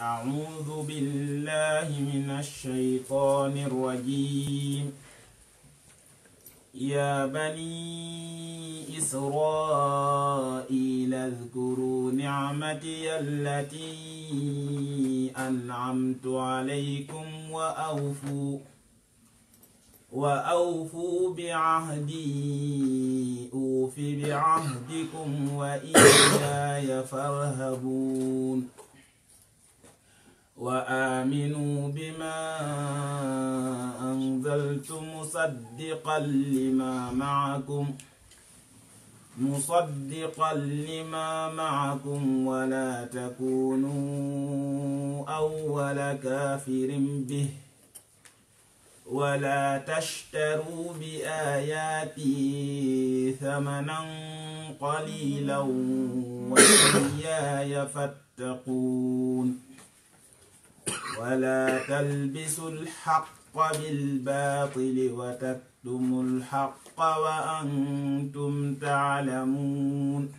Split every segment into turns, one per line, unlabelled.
أعوذ بالله من الشيطان الرجيم يا بني إسرائيل اذكروا نعمتي التي أنعمت عليكم وأوفوا وأوفوا بعهدي أوف بعهدكم وإياي فارهبون وآمنوا بما أنزلت مصدقا لما معكم مصدقا لما معكم ولا تكونوا أول كافر به ولا تشتروا بآياتي ثمنا قليلا وإياي فاتقون ولا تلبسوا الحق بالباطل وتكتموا الحق وأنتم تعلمون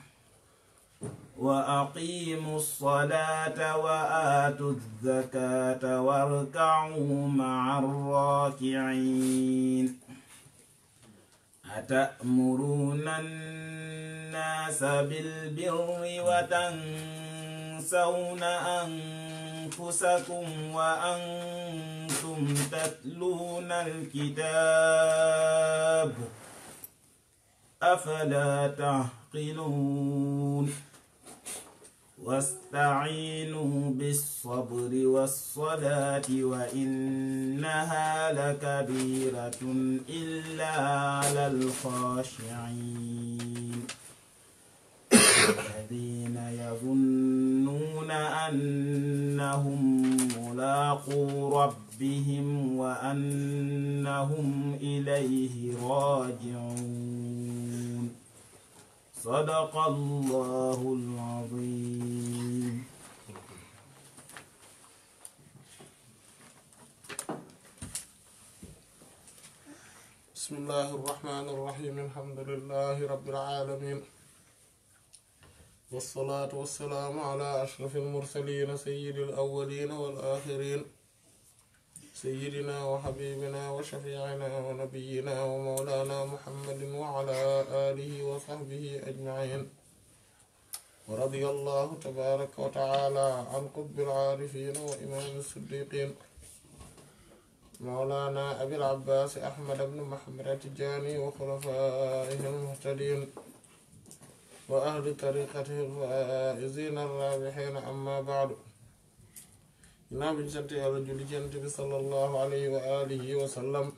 وأقيموا الصلاة وآتوا الزكاة واركعوا مع الراكعين أتأمرون الناس بالبر وتنكرون تنسون أنفسكم وأنتم تتلون الكتاب أفلا تعقلون واستعينوا بالصبر والصلاة وإنها لكبيرة إلا على الخاشعين الذين يظنون أنهم ملاقو ربهم وأنهم إليه راجعون صدق الله العظيم
بسم الله الرحمن الرحيم الحمد لله رب العالمين والصلاة والسلام على أشرف المرسلين سيد الأولين والآخرين سيدنا وحبيبنا وشفيعنا ونبينا ومولانا محمد وعلى آله وصحبه أجمعين ورضي الله تبارك وتعالى عن قب العارفين وإمام الصديقين مولانا أبي العباس أحمد بن محمد التجاني وخلفائه المهتدين وأهل طريقة الفائزين الرابحين أما بعد إمام جنت رجل جنت صلى الله عليه وآله وسلم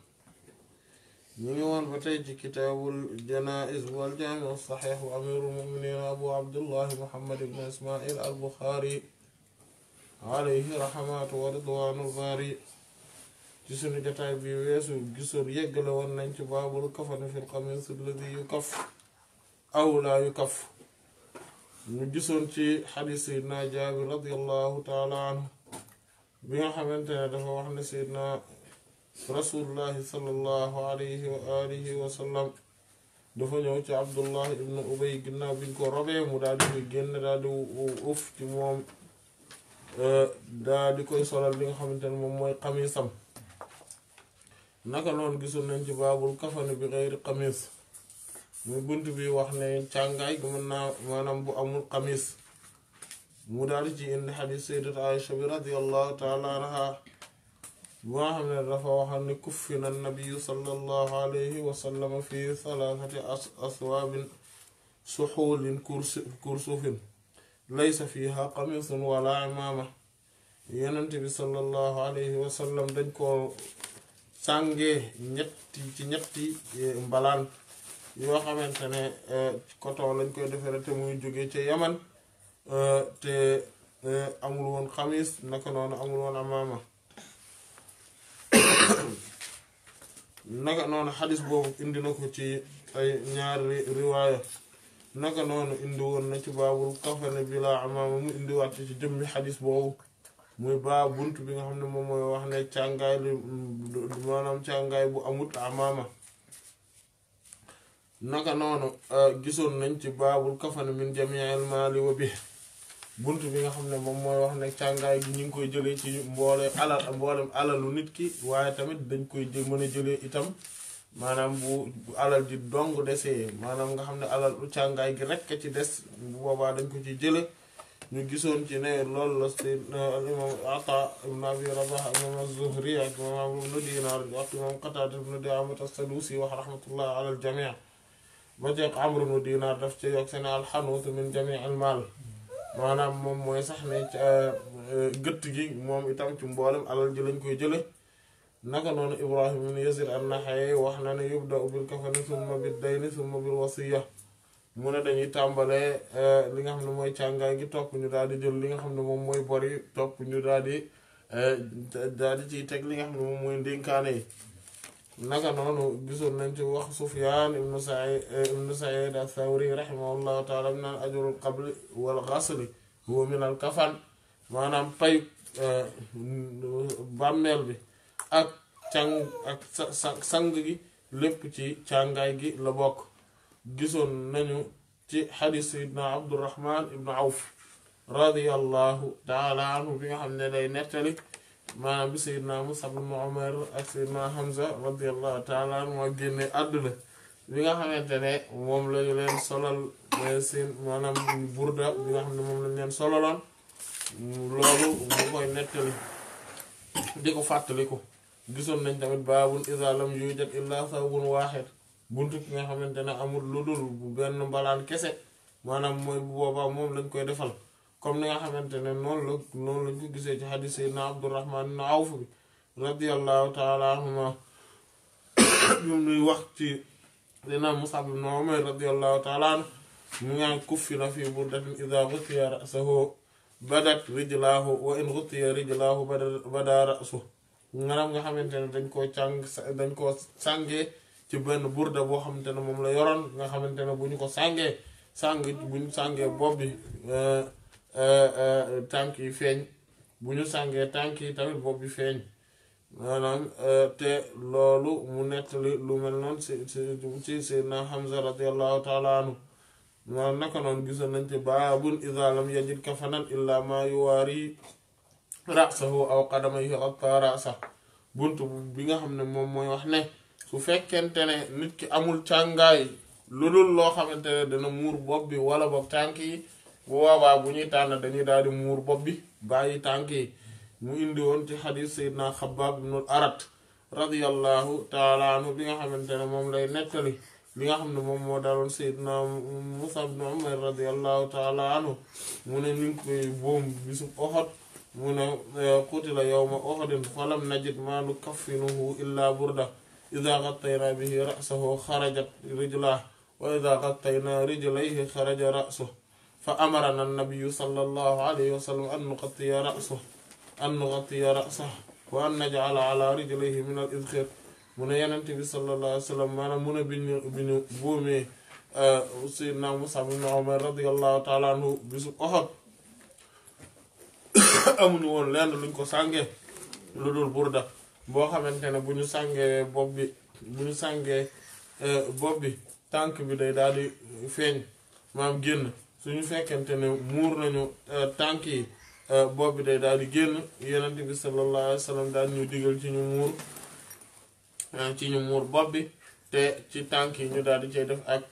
نيوان فتيج كتاب الجنائز والجامع الصحيح وأمير المؤمنين أبو عبد الله محمد بن إسماعيل البخاري عليه رحمات ورضوان الباري جسن جتاي بي ويسو جسر يغلو نانتي باب الكفن في القميص الذي يكف aw kaf ñu gisoon ci xadis seydna jaabir radiallahu taala anhu bi nga xamante ne dafa wax ne seydna rasulullahi sallallahu alayhi wa alihi wa sallam dafa ñëw ci abdullah ibnu ubay ginnaaw biñ ko robee mu daal di koy génn daal di uf ci moom euh, daal di koy solal li nga xamante ne moom mooy xamisam naka noonu gisoon nañ ci baabul kafani bi xeyri xamis muy buntu bi wax ne càngaay bu mëna manam bu amul khamis mu dal ci in hadith sayyidat Aisha bi radiyallahu taala anha wa nga rafa wa dafa kufina ne sallallahu alayhi wa sallam fi thalathati aswab suhul kursufin laysa fiha xamisun wala imama yananti bi sallallahu alayhi wa sallam dagn ko sangé ñetti ci ñetti mbalaan yoo xamante ne euh, coton lañ koy defaree te muy jóge ci yaman euh, te euh, amul woon xamis naka noonu amul woon amaama naka noonu xadis boobu indi na ko ci ay ñaari riwaaya naka noonu indi woon na ci baabul kafane bi la amaama mu indi waat ci jëmmi xadis boobu muy baa bunt bi nga xam ne moom mooy wax ne càngaay li maanaam càngaay bu amut amaama naka noonu euh, gisoon nañ ci baabul kafani min jamiil maali bi bunt bi nga xam ne moom mooy wax nekk càngaay gi ñu ngi koy jëlee ci mboole alal mboolem alalu nit ki waaye tamit dañ koy jë mën a jëlee itam maanaam bu alal ji dong desee maanaam nga xam ne alal u càngaay gi rekk ci des bu boobaa dañ ko ci jële ñu gisoon ci ne loolu la si imam ata ibn abi rabah imam az-zuhri ak imam ibnu dinar ak imam qatada ibnu sa as-sadusi wax rahmatullah alal jamii ma jeeg Amru ibn Diinaar daf ci yokk seen alxanuut min jamii al maal maanaam moom mooy sax ne euh, gëtt gi moom itam ci mboolem alal ji lañ koy jële naka noonu Ibrahim ibn Yazid an-Naxa'i wax na ne yubda'u bil kafani summa bid dayni summa bil wasiyya mu ne dañuy tàmbalee euh, li nga xam ne mooy càngaay gi topp ñu daal di jël li nga xam ne moom mooy bor yi topp ñu daal di euh, daal di ciy teg li nga xam ne moom mooy ndénkaane yi نجا نونو جزء ننتي وخ سفيان ابن سعيد ابن سعيد الثوري رحمه الله تعالى من الأجر القبل والغسل هو من الكفن ما نام باي بامل بي اك تان اك سانغي لب تي تانغاي جي لبوك جزء ننو تي حديث سيدنا عبد الرحمن ابن عوف رضي الله تعالى عنه في حمد الله نتلك maanaam bi Seydina Musab ibn Umar ak Seydina Hamza radiyallahu taala anhu ak génne àdduna bi nga xamante ne moom lañu leen solal seen maanaam burda bi nga xam ne moom lañu leen solaloon loolu mu koy nettali di ko fàttaliku gisoon nañ tamit baabun iza lam yujad illa sawbun waaxid buntu ki nga xamante ne amul lu bu benn mbalaan kese maanaam mooy bu boobaa moom lañ koy defal comme ni nga xamantene non noonu la non lañ ko gisee ci na abdurrahman ibn awf bi taala huma ñoom ñuy wax ci dina musab ibn umayr taala anhu mu kufi kuffina bu def ida gutiya ra'suhu badat rijlahu wa in gutiya rijlaahu bada rasu ngaram nga xamantene dañ ko cang dañ ko sangé ci ben burda bo xamantene mom la yoron nga xamantene ne ko sangé sàng bu sangé sàngee Euh, euh, tànk yi feeñ bu ñu sàngee tànk yi tamit bopp bi feeñ maanaam euh, te loolu mu nettali lu mel noonu si si Seydina Hamza radiallahu taala anhu maanaam naka noonu gisoon nañ ci baabun idaa lam yajid kafanan illaa maa yuwaari rasahu aw qadamayhi xatta rasa bunt bi nga xam ne moom mooy wax ne su fekkente ne nit ki amul càngaay lu dul loo xamante ne dana muur bopp bi wala bopp tànk yi waa boobaa bu ñuy tànn dañuy daal di muur bopp bi bàyyi tànk yi mu indi woon ci xadis Seydina Xabbaab ibnul Arat radiyallahu taala bi nga xamante ne moom lay nettali li nga xam ne moom moo daloon Seydina Musa ibnu Umar radiyallahu taala mu ne ñu ngi koy boom bisub Uhud mu ne eh, qutila yawma Uhudin falam najid maa nukaffinuhu illaa burda idaa gattaynaa bihi ra'sahu xarajat rijlahu wa idaa gattaynaa rijlayhi xaraja ra'suhu fa amarana nabiyu sallallahu alayhi wa sallam an nuxattiya rasahu an nuxattiya rasahu wa min al izxir mu ne yenente bi sallallahu alayhi mun a biñu biñu buumee sayyidina Musab ibn Umar radiyallahu taala anhu bisu Uhud amuñu ko sàngee lu dul burda boo xamante ne bu ñu sàngee bopp bi bu ñu sàngee euh, bopp bi tànk bi day daal di feeñ maam génn suñu fekkente ne muur nañu euh, tànk yi euh, bopp bi day daal di génn yonent bi sallallahu alayhi wa ñu digal ci ñu muur euh, ci ñu muur bopp bi te ci tànk yi ñu daal di cay def ak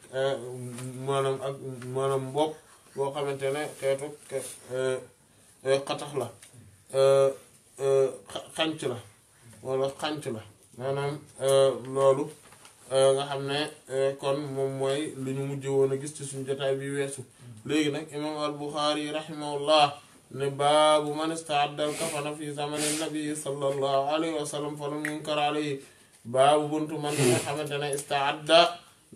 maanaam ak maanaam mbopp boo xamante ne xeetu xatax la xanc la wala xanc la maanaam loolu nga xam ne kon moom mooy lu ñu mujj woon gis ci suñu jotaay bi weesu léegi nag imaam al buxaari rahimahullah ne baabu man istaadda al kafana fi zamani nabi sallallahu alayhi wa sallam falam yunkar alayhi baabu buntu man nga xamante ne istaadda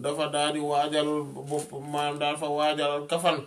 dafa daal di waajal bopp maanaam daal fa waajal al kafan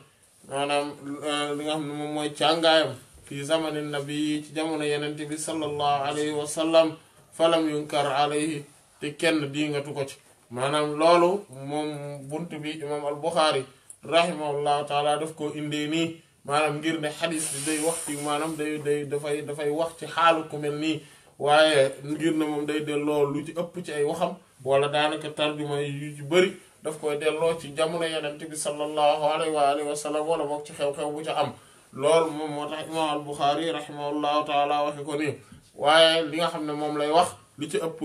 maanaam euh, li nga xam ne moom mooy càngaayam fi zamani nabi ci jamono yeneen bi sallallahu alayhi wa sallam falam yunkar alayhi te kenn diingatu ko ci maanaam loolu moom buntu bi imaam al buxaari. rahimahu allah taala daf ko indee ni manam ngir ne hadith bi day wax ci manam day day da fay da fay wax ci xalu ku melni waye ngir ne mom day delloo lu ci upp ci ay waxam wala danaka tarjuma yu ci bëri daf koy delloo ci jamono yenente bi sallallahu alayhi wa sallam wala bok ci xew-xew bu ci am loolu mom motax imam al bukhari rahimahu allah taala wax ko ni waye li nga xamne mom lay wax li ci upp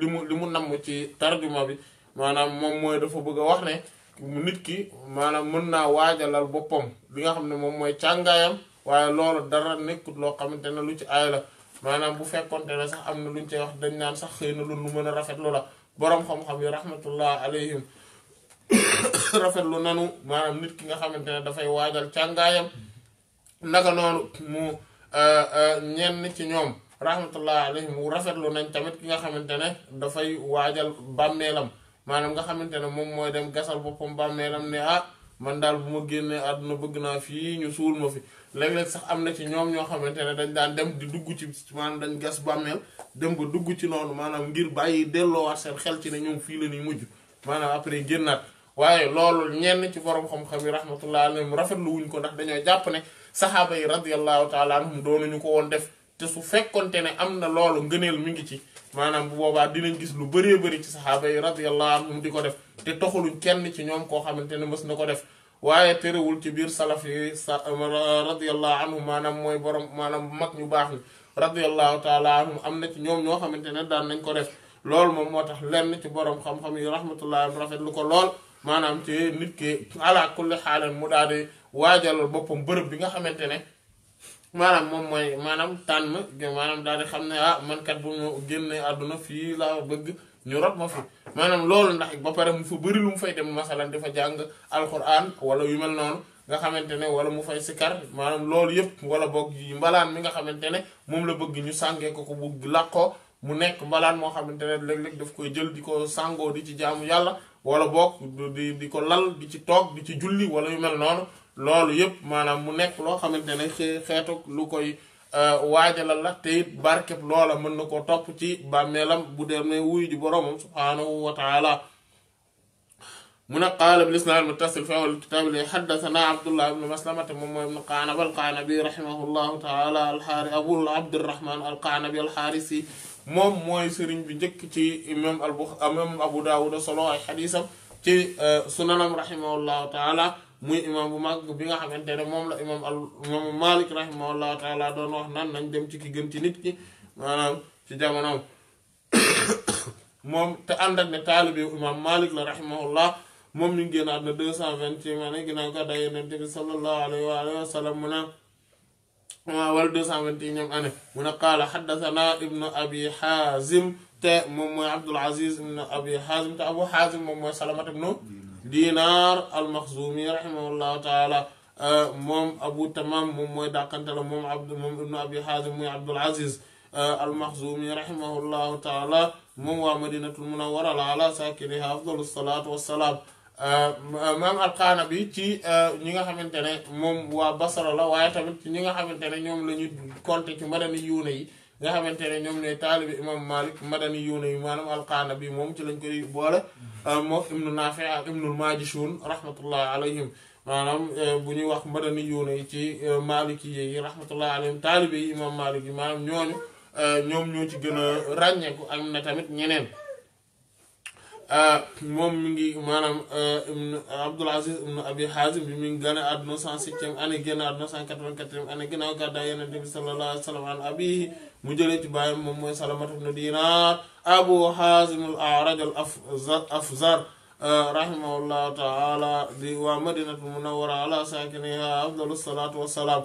limu limu nam ci tarjuma bi manam mom moy dafa bëgg wax ne nit ki maanaam mën naa waajalal boppam li nga xam ne moom mooy càngaayam waaye loolu dara nekkut loo xamante ne lu ci aay la maanaam bu fekkonte ne sax am na luñ cey wax dañ naan sax xëy na lu nu mën a rafetlu la boroom xam-xam yi rahmatullah alayhim rafetlu nanu maanaam nit ki nga xamante ne dafay waajal càngaayam naka noonu mu uh, uh, ñenn ci ñoom rahmatullah alayhim rafetlu nañ tamit ki nga xamante ne dafay waajal bàmmeelam maanaam nga xamante ne moom mooy dem gasal boppam bàmmeelam ne ah man daal bu ma génnee àdduna bëgg naa fii ñu suul ma fi léeg-léeg sax am na ci ñoom ñoo xamante ne dañ daan dem di dugg ci maanaam dañ gas bàmmeel dem ba dugg ci noonu maanaam ngir bàyyi delloo wax seen xel ci ne ñoom fii la ñuy mujj maanaam après génnaat waaye loolu ñenn ci borom xam-xam yi rahmatullah alayhim rafetlu wuñ ko ndax dañoo jàpp ne saxaaba yi radiyallahu taala anhum ñu ko woon def te su fekkonte ne am na loolu ngëneel mi ngi ci manam bu boobaa dinañ gis lu bëree bëri ci sahaba yi radiyallahu anhum diko def te toxaluñ kenn ci ñom ko xamantene mëss nako def waye terewul ci bir salaf yi radiyallahu anhum manam moy borom manam mak ñu bax radiyallahu taala anhum amna ci ñom ño xamantene daan nañ ko def lool mom motax lenn ci borom xam-xam yi rahmatullahi rafet lu ko lool manam ci nit ke ala kulli halan mu daal di waajalal boppam bi nga xamantene maanaam moom mooy maanaam tànn maanaam daal di xam ne ah man kat bu ma génne àdduna fii laa bëgg ñu rob ma fi maanaam loolu ndax ba pare mu fa bëri lu mu fay dem masalan dafa jàng alquran wala yu mel noonu nga xamante ne wala mu fay sikar maanaam loolu yëpp wala boog mbalaan mi nga xamante ne moom la bëgg ñu sàngee ko ko bu làkkoo mu nekk mbalaan moo xamante ne léeg-léeg daf koy jël di ko sàngoo di ci jaamu yàlla wala boog di di ko lal di ci toog di ci julli wala yu mel noonu loolu yëpp maanaam mu nekk loo xamante ne xeetu lu koy waajalal la te it barkeb loola mën na ko topp ci bàmmeelam bu demee wuyu ji boroomam subhaanahu wa taala mu ne qaala bil isnaad muttasil fi awwal kitaab li haddasanaa abdullah ibnu maslamata moom mooy ibnu qaanab alqaanabi rahimahullahu taala alxaari abul abdurahman alqaanabi alxaarisi moom mooy sëriñ bi njëkk ci imam al imam abu daawuda solo ay xadiisam ci sunanam rahimahullahu taala muy imam bu mag bi nga xamante ne moom la imam al imam Malik rahimahullahu taala doon wax nan nañ dem ci ki gën ci nit ñi maanaam ci jamonoom moom te ànd ak ne taalibi imam Malik la rahimahullah moom ñu génn àdduna deux cent vingt yi ma ne ginnaaw ko day yonent bi sallallahu alayhi wa alihi wa sallam mu ne wala deux cent vingt yi ñoom année mu ne qaala xaddasana ibnu abi xaazim te moom mooy abdul aziz ibnu abi xaazim te abu xaazim moom mooy salamat ibnu دينار المخزومي رحمه الله تعالى مم ابو تمام موم موي داكانتال مم عبد مم ابن ابي حازم موي عبد العزيز المخزومي رحمه الله تعالى مم ومدينة مدينه المنوره على ساكنها افضل الصلاه والسلام مم القانبي تي نيغا خامتاني موم وا بصره لا وايي تامت نيغا خامتاني نيوم لا ني كونتي تي مدن nga xamante ne ñoom ñooy taalibi imam malik madani yuuna yu maanaam alqaana bi moom ci lañ koy boole euh, moom ibnu naafi ak ibnul maajishun euh, bu ñuy wax madani yuuna ci euh, maliki yi rahmatullahi alayhim taalibi yi imam malik yi maanaam ñoom ñoo ci gën a ràññeeku am na tamit ñeneen moom mi ngi maanaam ibn Abdul Aziz ibn Abi Hazim bi mi ngi gane àdduna cent septième année génn àdduna cent quatre-vingt-quatrième année ginnaaw gàddaay Yonent bi sallallahu alayhi wa mu jëlee ci baayam moom mooy salamata ibnu dinaar abu xaasim al araj al afzar rahimahullahu taala di waa madinatul munawwara ala saakiniha afdalu salaatu wassalaam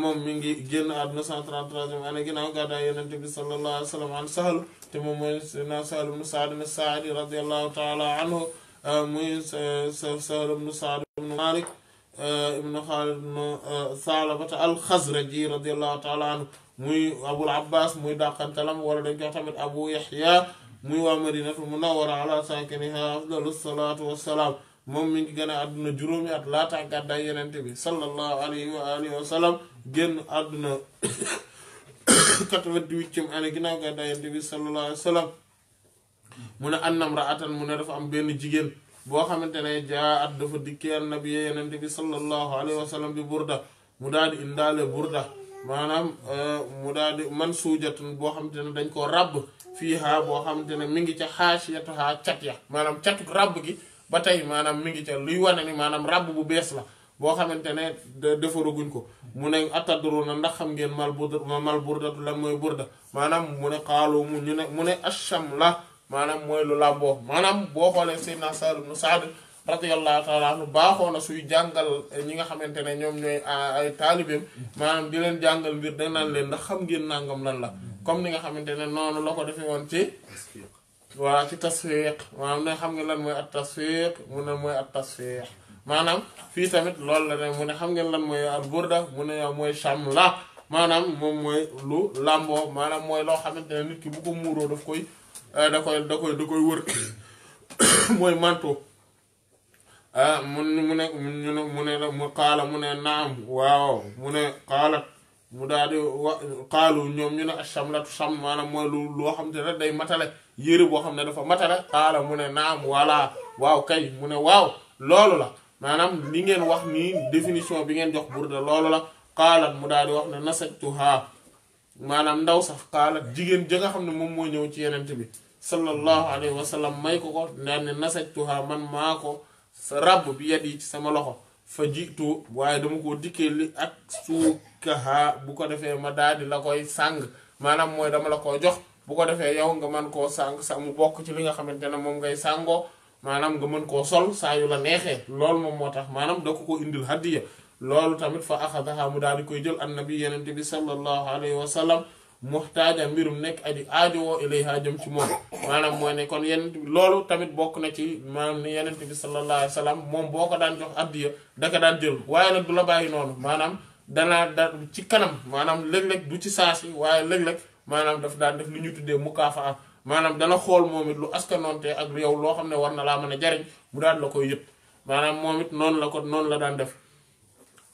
moom mi ngi génn àdduna 133e année ginnaaw gàddaay yonent bi sallallahu alayhi wa sallam an sahl te moom mooy sayyidina sahl ibnu saad ibnu saadi radiyallahu taala anhu muy sahl ibnu saad ibnu malik ibnu xaalid ibnu saalabata al xazraji radiyallahu taala anhu muy abul abbas muy dàqantalam wala dañ koy tamit abu yaxya muy waa madinatul munawwara ala saakiniha afdalu salaatu wassalaam moom mi ngi gën a àdduna juróomi at laata gàddaay bi sallallahu alayhi àdduna 88e année ginnaaw gàddaay yenente bi sallallahu alayhi mu ne annam ra'atan mu ne dafa am benn jigéen boo xamante ne jaa at dafa dikkee annabi yenente bi sallallahu alayhi bi burda mu daal di burda maanaam euh, mu daal di man suujatun boo xamante ne dañ koo ràbb fii ha boo xamante ne mi ngi ca xaasiyatuha cat ya maanaam catu ràbb gi ba tey maanaam mi ngi ca luy wane ni maanaam ràbb bu bees la boo xamante ne defaraguñ ko mu ne attadru na ndax xam ngeen mal burda mal burdatu lan mooy burda maanaam mu ne xaaloo mu ñu ne mu ne asham la maanaam mooy lu làmboo maanaam boo xoolee Seydina Sahl ibn Sa'd radiyallahu taala anhu baaxoo na suy jàngal ñi nga xamante ne ñoom ñooy ay taalibeem maanaam di leen jàngal mbir da naan leen ndax xam ngeen nangam lan la comme ni nga xamante ne noonu la ko defee woon ci waa ci tasfiq maanaam ne xam ngeen lan mooy at tasfiq mu ne mooy maanaam fii tamit loolu la ne mu xam ngeen lan mooy al burda mu ne mooy cham la maanaam moom mooy lu làmboo maanaam mooy loo xamante ne nit ki bu ko muuroo daf koy eh, da koy da koy da koy wër mooy manteau mun ah, mu ne mu ne mu qaala mu ne naam waaw mu ne qaalat mu daal di wa qaalu ñoom ñu ne achamlatu cham maanaam mooy lu loo xam te ne day matale yére boo xam ne dafa matale qaala mu ne naam voilà waaw kay mu ne waaw loolu la maanaam li ngeen wax nii définition bi ngeen jox burda loolu la qaalat mu daal di wax ne nasajtuha maanaam ndaw sax qaalat jigéen ja nga xam ne moom moo ñëw ci yenente bi sallallahu alayhi wa sallam may ko ko daan ne nasajtuha man maa ko sa ràbb bi yad yi ci sama loxo fa jiitu waaye dama koo dikkee li ak suukaha bu ko defee ma daal di la koy sàng maanaam mooy dama la koo jox bu ko defee yow nga mën koo sàng sa mu bokk ci li nga xamante ne moom ngay sàngoo maanaam nga mën koo sol saa yu la neexee loolu moom moo tax maanaam da ko ko indil hadiya loolu tamit fa axadaha mu daal di koy jël annabi yenente bi sallallahu alayhi wa sallam muxtaaja mbirum nekk aji aajowoo ilayha jëm ci moom maanaam mooy ne kon yenent bi loolu tamit bokk na ci maanaam ni yenent bi sallallahu alayhi moom boo ko daan jox addiya daka daan jël waaye nag du la bàyyi noonu maanaam danaa da ci kanam maanaam léeg-léeg du ci saasi waaye léeg-léeg maanaam daf daan def lu ñu tuddee mukaafa maanaam dana xool moom it lu askanoonte ak yow loo xam ne war na laa mën a jariñ mu daan la koy yëpp maanaam moom it noonu la ko noonu la daan def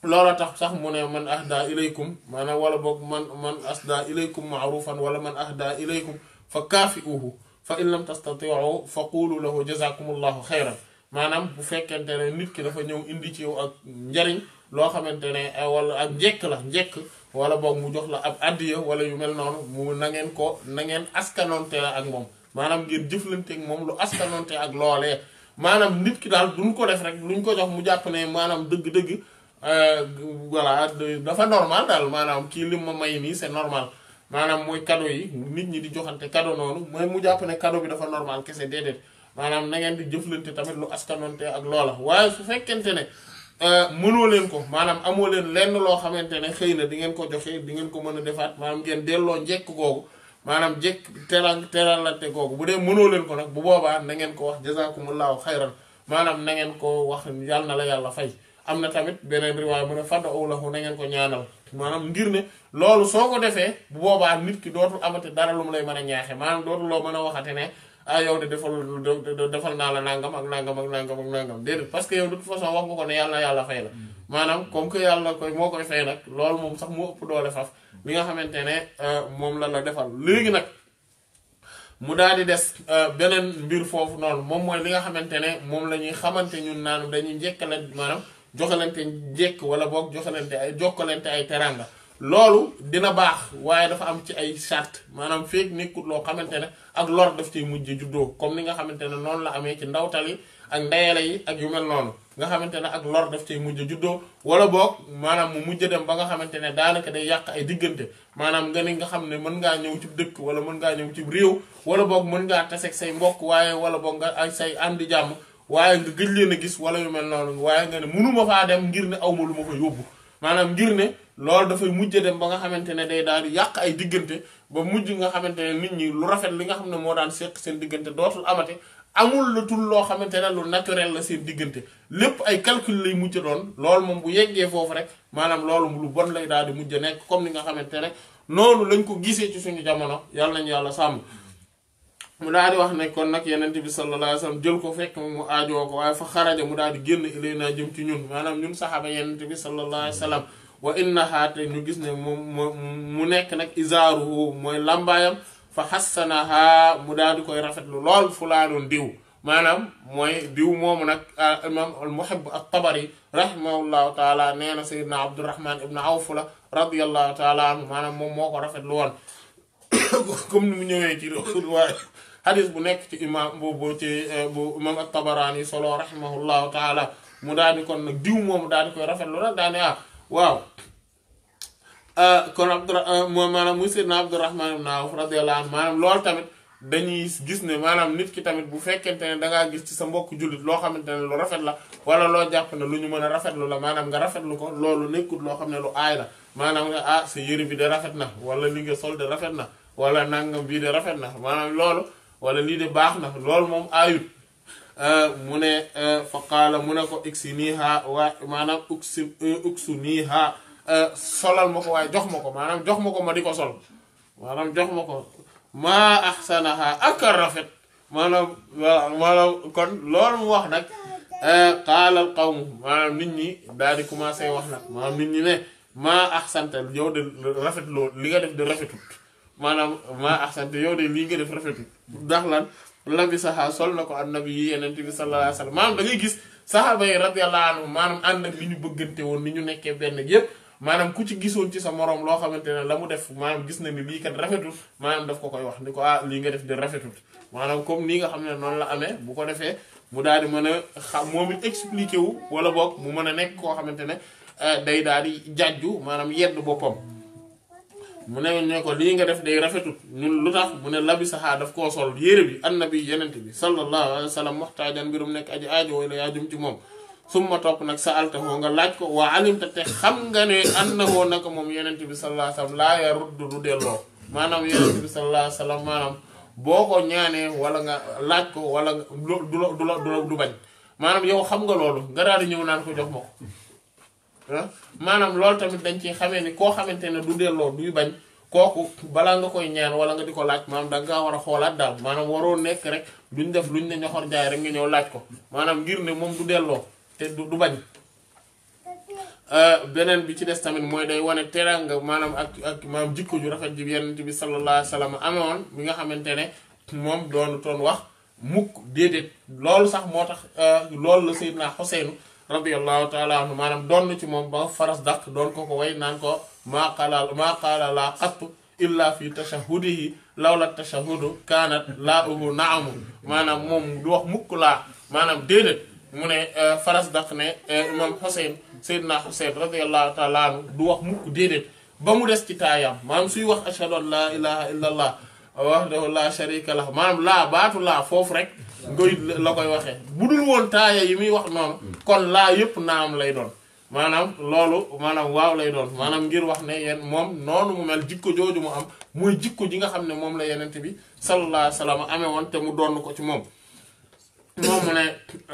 loola tax sax mu ne man ahda ilaykum maanaam wala boog man man asda ilaykum maarufan wala man ahda ilaykum fa kaafi'uhu fa in lam tastatiu fa quulu lahu jazakumullahu xayran maanaam bu fekkente ne nit ki dafa ñëw indi ci ak njariñ loo xamante ne eh, wala ak njekk la njekk wala boog mu jox la ab addiya wala yu mel noonu na ngeen ko na ngeen askanonte ak moom maanaam ngir jëflante moom lu askanonte ak loolee maanaam nit ki daal duñ ko def rek luñ ko jox mu jàpp ne maanaam dëgg-dëgg Euh, voilà dafa normal daal maanaam kii lim ma may nii c'est normal maanaam mooy cadeau yi nit ñi di joxante cadeau noonu mooy mu jàpp ne cadeau bi dafa normal kese déedéet maanaam na ngeen di jëflante tamit lu askanonte ak loola waaye su fekkente ne euh, mënoo leen ko maanaam amoo leen lenn loo xamante ne xëy na di ngeen ko joxe di ngeen ko mën a defaat maanaam ngeen delloo njekk googu maanaam njekk teral teralante googu bu dee mënoo leen ko nag bu boobaa na ngeen ko wax jazakumullahu xayran maanaam na ngeen ko wax yàlla na la yàlla fay am na tamit beneen riwaay mu ne fadda ulahu na ngeen ko ñaanal maanaam ngir ne loolu soo ko defee bu boobaa nit ki dootul amati dara lu mu lay man a ñaaxe maanaam dootul loo mën a waxate a ah yow de defal defal naa la nangam ak nangam ak nangam ak nangam déedéet parce que yow de toute façon wax nga ko ne yàlla yàlla fay la maanaam comme que yàlla koy moo koy fay nag loolu moom sax moo ëpp doole faf li nga xamante ne euh, moom la la defal léegi nag mu daal di des euh, beneen mbir foofu noonu moom li nga xamante ne moom la ñuy xamante ñun naan dañuy njëkkale maanaam joxalante njekk wala boog joxalante ay jokkalante ay teranga loolu dina baax waaye dafa am ci ay charte maanaam feeg nekkul loo xamante ne ak lor daf ciy mujj juddoo comme ni nga xamante ne noonu la amee ci ndawtal yi ak ndeyale yi ak yu mel noonu nga xamante ne ak lor daf ciy mujj juddoo wala boog maanaam mu mujj dem ba nga xamante ne daanaka day yàq ay diggante maanaam nga ni nga xam ne mën ngaa ñëw ci dëkk wala mën ngaa ñëw ci réew wala boog mën ngaa taseeg say mbokk waaye wala boog nga ay say àndi jàmm waaye nga gëj leen a gis wala yu mel noonu waaye nga ne mënuma faa dem ngir ne awma lu ma ko yóbbu maanaam ngir ne loolu dafay mujj dem ba nga xamante ne day daal di yàq ay diggante ba mujj nga xamante ne nit ñi lu rafet li nga xam ne moo daan seq seen diggante dootul amate amul la tul loo xamante ne lu naturel la seen diggante lépp ay calcul lay mujj doon loolu moom bu yeggee foofu rek maanaam loolu lu bon lay daal di mujj nekk comme ni nga xamante ne noonu lañ ko gisee ci suñu jamono yàlla nañu yàlla sàmm. mu daadi wax ne kon nak yenen tibi sallallahu alayhi wasallam djel ko fek mu aajo ko way fa kharaja mu daadi génn ilay naa jëm ci ñun manam ñun sahaba yenen tibi sallallahu alayhi wasallam wa inna haate ñu gis ne mu nekk nak izaru moy lambayam fa xassanaha mu daal di koy rafetlu lool fulaanoon diw manam moy diw mom nak imam al muhib at tabari rahimahullahu taala neena na sayidna abdurahman ibnu awf la radiyallahu taala manam mom moko moo ko rafetlu woon comme ñu ñëwé ñëwee ci riwaaya xadis bu nekk ci imaam boobu ci eh, bu imaam at yi solo rahimahullahu taala mu daal di kon diw moomu daal di koy rafetlu nag daal di ah waaw eh, kon abdura eh, moom maanaam muy seydna Abdurrahman ibn Awf radiyallahu anhu maanaam loolu tamit dañuy gis ne maanaam nit ki tamit bu fekkente ne dangaa gis ci sa mbokk jullit loo xamante ne lu rafet la wala loo jàpp ne lu ñu mën a rafetlu la maanaam nga rafetlu ko loolu nekkul loo xam ne lu aay la maanaam nga ah sa yëre bi de rafet na wala li sol rafet na wala nangam bii de rafet na maanaam loolu wala lii de baax na lool moom aayut euh, mu ne euh, fa qaala mu ne ko ugsi nii ha waa maanaam ugsi euh, ugsu nii ha solal ma ko waaye jox ma ko maanaam jox ma ko ma di ko sol maanaam jox ma ko maa axsanaha ak rafet maanaam voilà maanaam kon loolu mu wax nag xaalal qawmu maanaam nit ñi daal di commencé wax nag maanaam nit ñi ne maa axsanta yow de rafet loolu li nga def de rafetut maanaam ma ahsanta yow de lii nga def rafet ndax lan saha sol na ko annabi yi yeneen bi sallallahu alayhi wa sallam maanaam da ngay gis saxaaba yi radiyallahu anhum maanaam ànd ak li ñu bëggante woon ni ñu nekkee benn yépp maanaam ku ci gisoon ci sa moroom loo xamante ne la mu def maanaam gis na ni lii kat rafetul maanaam daf ko koy wax ni ko ah lii nga def de rafetul maanaam comme nii nga xam ne noonu la amee bu ko defee mu daal di xam moom it wu wala bok mu mën a nekk koo xamante ne eh, day daal di jàjju maanaam yedd pom mu ne ñoo ko lii nga def day rafetut nu lu tax mu ne labi saxaa daf koo sol yére bi annabi yenent bi sallallahu alayhi wa sallam muxtaajan mbirum nekk aji aajo la yaa jum ci moom summa topp nag sa altahoo nga laaj ko waa alimta te xam nga ne annahoo naka moom yenent bi sallallahu alayhi wa sallam laa yaruddu du delloo maanaam yenent bi sallallahu alayhi wa sallam maanaam boo ko ñaanee wala nga laaj ko wala du la du la du bañ maanaam yow xam nga loolu nga daal di ñëw naan ko jox ko manam lol tamit dañ ci xamé ni ko xamante ne du delloo duy bañ koku bala nga koy ñaan wala nga di ko laaj manam da nga wara xolaat dal manam waro nek rek duñ def luñ ne ñoxor jaay rek nga ñew laaj ko manam ngir ne moom du delloo te du bañ euh benen bi ci dess tamit mooy day wone teranga manam ak ak manam jikko ju rafet ji Yonent bi sallallahu alayhi wasallam amon amoon bi nga xamante ne moom doonu toon wax muk dedet loolu sax motax tax euh, loolu la Seydina Xuseynu radiyallahu taala anhu maanaam doon ci moom ba faras dàq doon ko ko way naan ko maa qaala maa qaala laa qattu illa fi tashahudihi lawla tashahudu kaanat laa uhu naamu maanaam moom du wax mukk laa maanaam déedéet mu ne euh, faras dàq ne euh, imam Hussein Seydina Hussein radiyallahu taala anhu du wax mukk déedéet ba mu des ci taayaam maanaam suy wax ashhadu an laa ilaha illa allah wahdahu la sharika lah maanaam laa baatu laa foofu rek ngoy la koy waxee bu dul woon taaya yi muy wax noonu kon laa yëpp naam lay doon maanaam loolu maanaam waaw lay doon maanaam ngir wax ne yéen moom noonu mu mel jikko jooju mu am mooy jikko ji nga xam ne moom la yenent bi sallallahu alayhi wa sallam amee woon te mu doon ko ci moom moom mu ne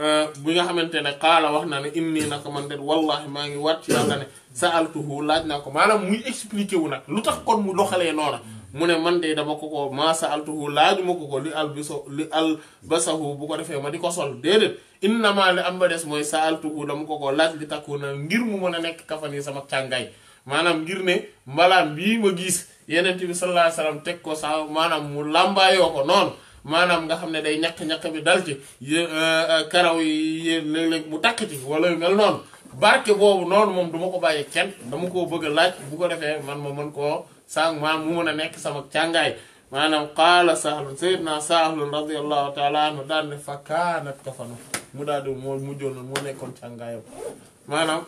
euh, bi nga xamante ne xaala wax na ne inni ko man de wallahi maa ngi waat ci yàlla ne sa'altuhu laaj naa ko maanaam muy expliqué wu nag lu tax kon mu doxalee noona mu ne man de dama ko ko maasa altuhu laaju ma ko ko li al biso li al basahu bu ko defee ma di ko sol indi na maa li am ba des mooy sa altuhu dama ko ko laaj li takku ngir mu mën a nekk kafani sama càngaay maanaam ngir ne mbalaan bii ma gis yeneen bi sallallahu alayhi teg ko sa maanaam mu làmbaayoo ko noonu maanaam nga xam ne day ñaq-ñaq bi dal ci euh, euh, karaw yi léeg mu takk ci wala yu mel noonu barke boobu noonu moom duma ko bàyyi kenn dama koo bëgg a laaj bu ko defee man ma mën koo sa maam mu mën a nekk sama càngaay maanaam qaala sahlun sayyidna sahlun radiyallahu taala anhu daal ne fa kaanat kafanu mu daal di moo mujjoon moo nekkoon càngaayam maanaam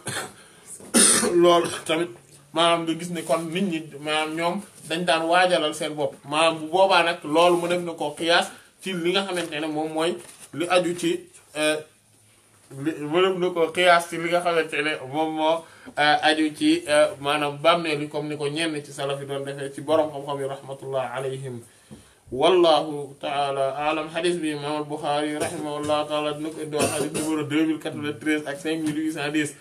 loolu tamit maanaam nga gis ne kon nit ñi maanaam ñoom dañ daan waajalal seen bopp maanaam bu boobaa nag loolu mu def na ko xiyaas ci li nga xamante ne moom mooy li aju ci eh, mënam na ko xiyaas ci li nga xamante ne moom moo aju ci maanaam bàmmeel yi comme ni ko ñenn ci salaf yi doon defee ci borom xam-xam yi rahmatullah alayhim wallahu taala alam hadith bi imam bukhari Buxaari taala dina ko indiwaat xadis numéro 2093 ak 5810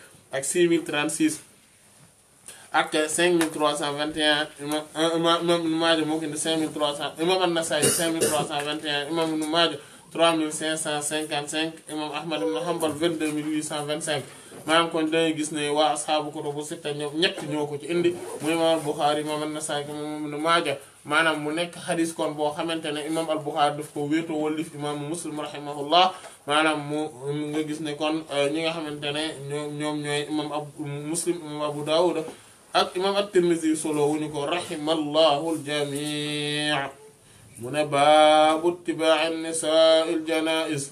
ak 6036 ak 5321 imam imam imam Maaja moo ko 5300 imam an nasai 5321 imam Ibn cinq cinq 3555 imam ahmad ibn hanbal 22825 maanaam kon dañuy gis ne waa asxaabu kutubu sitta ñoom ñett ñoo ko ci indi muy imam al buxaari imam an moom imam ibn maaja maanaam mu nekk xadis kon boo xamante ne imam al buxaari daf ko wéetoo wallif imaamu muslim rahimahullah maanaam mu nga gis ne kon euh, ñi nga xamante ne ñoom ñoom ñooy imam ab muslim imam abu daawuda ak imam at-tirmidhi solo wuñu ko rahimallahu al jamii mu ne baabu itibaaxi nisaa il janais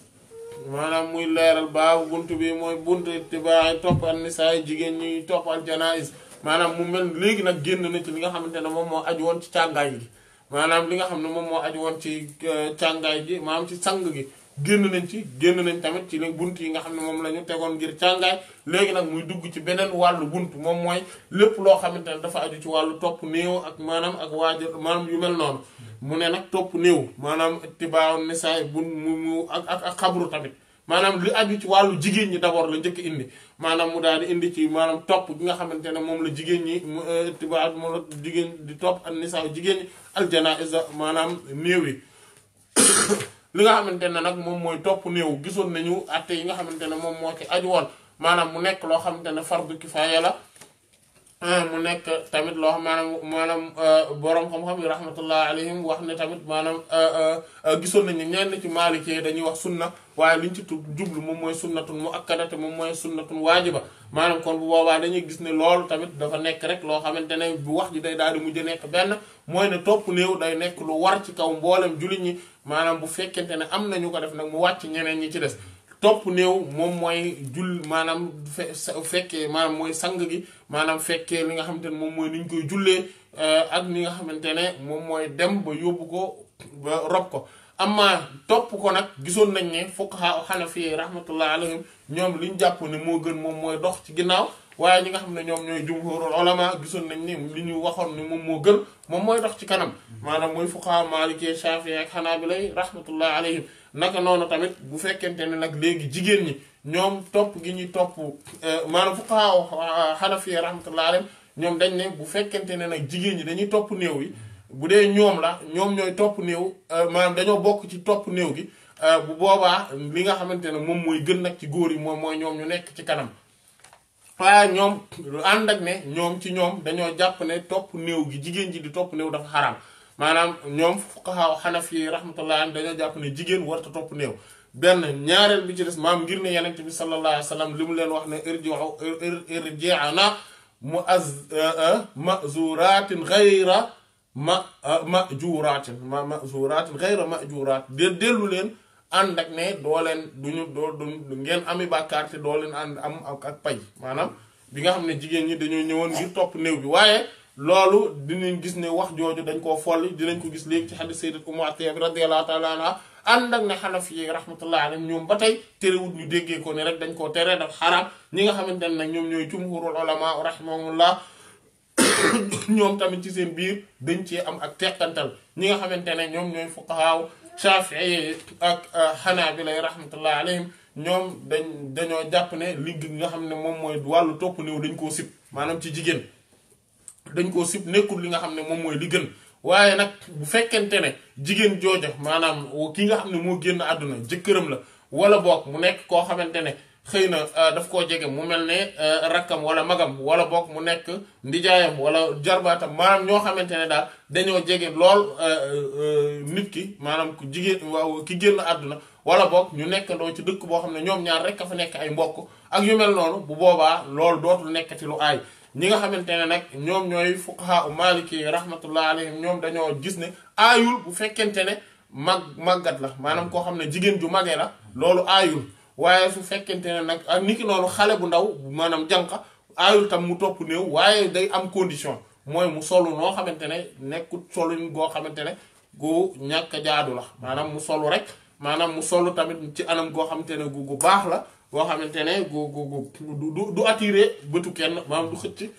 maanaam muy leeral baabu bunt bi mooy bunt itibaaxi topp al nisaa yi jigéen ñuy topp al janais maanaam mu mel léegi nag génn nañ ci li nga xamante ne moom moo aju woon ci càngaay gi maanaam li nga xam ne moom moo aju woon ci euh, càngaay gi maanaam ci sang gi génn nañ ci génn nañ tamit ci bunt yi nga xam ne moom lañu tegoon ngir càngaay léegi nag muy dugg ci beneen wàllu bunt moom mooy lépp loo xamante ne dafa aju ci wàllu topp néew ak maanaam ak waajur maanaam yu mel noonu mu ne nag topp néew maanaam tibaaw nisaay bu mu mu ak ak ak xabru tamit maanaam lu aju ci wàllu jigéen ñi d'abord la njëkk indi maanaam mu daal di indi ci maanaam topp bi nga xamante ne moom la jigéen ñi euh, tibaaw moom jigéen di topp ak nisaay jigéen ñi aljanaiza maanaam néew yi li nga xamante ne nag moom mooy topp néew gisoon nañu atte yi nga xamante ne moom moo ci aju woon maanaam mu nekk loo xamante ne fardu kifaaya la Euh, mu nekk tamit loo xam maanaam maanaam euh, borom xam-xam yi rahmatullah alayhim wax ne tamit maanaam euh, gisoon nañu ñenn ci maalikee dañuy wax sunna waaye liñ ci tu jublu moom mooy sunnatun mu akkadate moom mooy sunnatun waajiba maanaam kon bu boobaa dañuy gis ne lool tamit dafa nekk rek loo xamante ne bu wax ji day daal di mujj nekk benn mooy ne topp léew day nekk lu war ci kaw mboolem jullit ñi maanaam bu fekkente ne am nañu ko def nag mu wàcc ñeneen ñi ci des topp néew moom mooy jull maanaam fe fekkee maanaam mooy sang gi maanaam fekkee li nga xamante ne moom mooy ni ñu koy jullee euh, ak li nga xamante ne moom mooy dem ba yóbbu ko ba rob ko amma topp ko nag gisoon nañ ne fuqaha xanafi rahmatullah alayhim ñoom li ñu jàpp ne moo gën moom mooy dox ci ginnaaw waaye ñi nga xam ne ñoom ñooy jumhurul ulama gisoon nañ ni li ñu waxoon ni moom moo gën moom mooy dox ci kanam maanaam mooy fuqaha maliki shafi ak hanabila rahmatullahi alayhim naka noonu tamit bu fekkente ne nag léegi jigéen ñi ñoom topp gi ñuy topp euh, maanaam fuqaha hanafi rahmatullahi ñoom dañ ne bu fekkente ne nag jigéen ñi dañuy topp néew yi bu dee ñoom la ñoom ñooy topp néew euh, maanaam dañoo bokk ci topp néew gi euh, bu boobaa li nga xamante ne moom mooy gën nag ci góor yi moom mooy ñoom ñu nekk ci kanam fa ñoom ànd ak ne ñoom ci ñoom dañoo jàpp ne topp néew gi jigéen ji di topp néew dafa xaraam maanaam ñoom fuqaha hanafi rahmatullah am dañoo jàpp ne jigéen warta topp néew benn ñaareel bi ci des maam ngir ne yenent bi sallallahu alayhi wasallam li mu leen wax ne irji'u irji'na mu az mazuratin ghayra ma majuratin ma mazuratin ghayra majurat de dellu leen ànd ak ne doo leen duñu doo du ngeen ami bàkkaar te doo leen ànd am ak pay maanaam bi nga xam ne jigéen ñi dañoo ñëwoon ngir topp néew bi waaye loolu dinañ gis ne wax jooju dañ koo folli dinañ ko gis léegi ci xadis sayyidat Ummu Atiyya bi radiyallahu ak ne xanaf yi rahmatullah alayhim ñoom ba tey terewut ñu déggee ko ne rek dañ koo tere daf xaraam ñi nga xamante ne nag ñoom ñooy jumhurul ulama rahimahumullah ñoom tamit ci seen biir dañ cee am ak teqantal ñi nga xamante ne ñoom ñooy fuqahaa ay Shafi'i ak euh, Hanabila rahmatullahi alayhim ñoom dañ dañoo jàpp ne ligg nga xam ne moom mooy wàllu topp néew dañ koo sib maanaam ci jigéen dañ koo sib nekkul li nga xam ne moom mooy li waaye nag bu fekkente ne jigéen jooja maanaam ki nga xam ne moo génn àdduna jëkkëram la wala boog mu nekk koo xamante ne xëy na euh, daf koo jege mu mel ne euh, rakkam wala magam wala bokk mu nekk ndijaayam wala jarbaatam maanaam ñoo xamante ne daal dañoo jege lool euh, nit ki maanaam ku jigéen waaw ki génn àdduna wala bokk ñu nekkandoo ci dëkk boo xam ne ñoom ñaar rek a fa nekk ay mbokk ak yu mel noonu bu boobaa loolu dootul nekkati lu aay ñi nga xamante ne nag ñoom ñooy fuqaha u maliki rahmatullah alayhim ñoom dañoo gis ne aayul bu fekkente ne mag màggat la maanaam koo xam ne jigéen ju magee la loolu aayul waaye su fekkente ne nag ak ah, niki noonu xale bu ndaw maanaam jànq aayul tam mu topp néew waaye day am condition mooy mu solu noo xamante ne nekkul solin goo xamante ne gu ñàkk a jaadu la maanaam mu solu rek maanaam mu solu tamit ci anam goo xamante ne gu gu baax la goo xamante ne gu gu gu du du attiré bëtu kenn maanaam du xëcc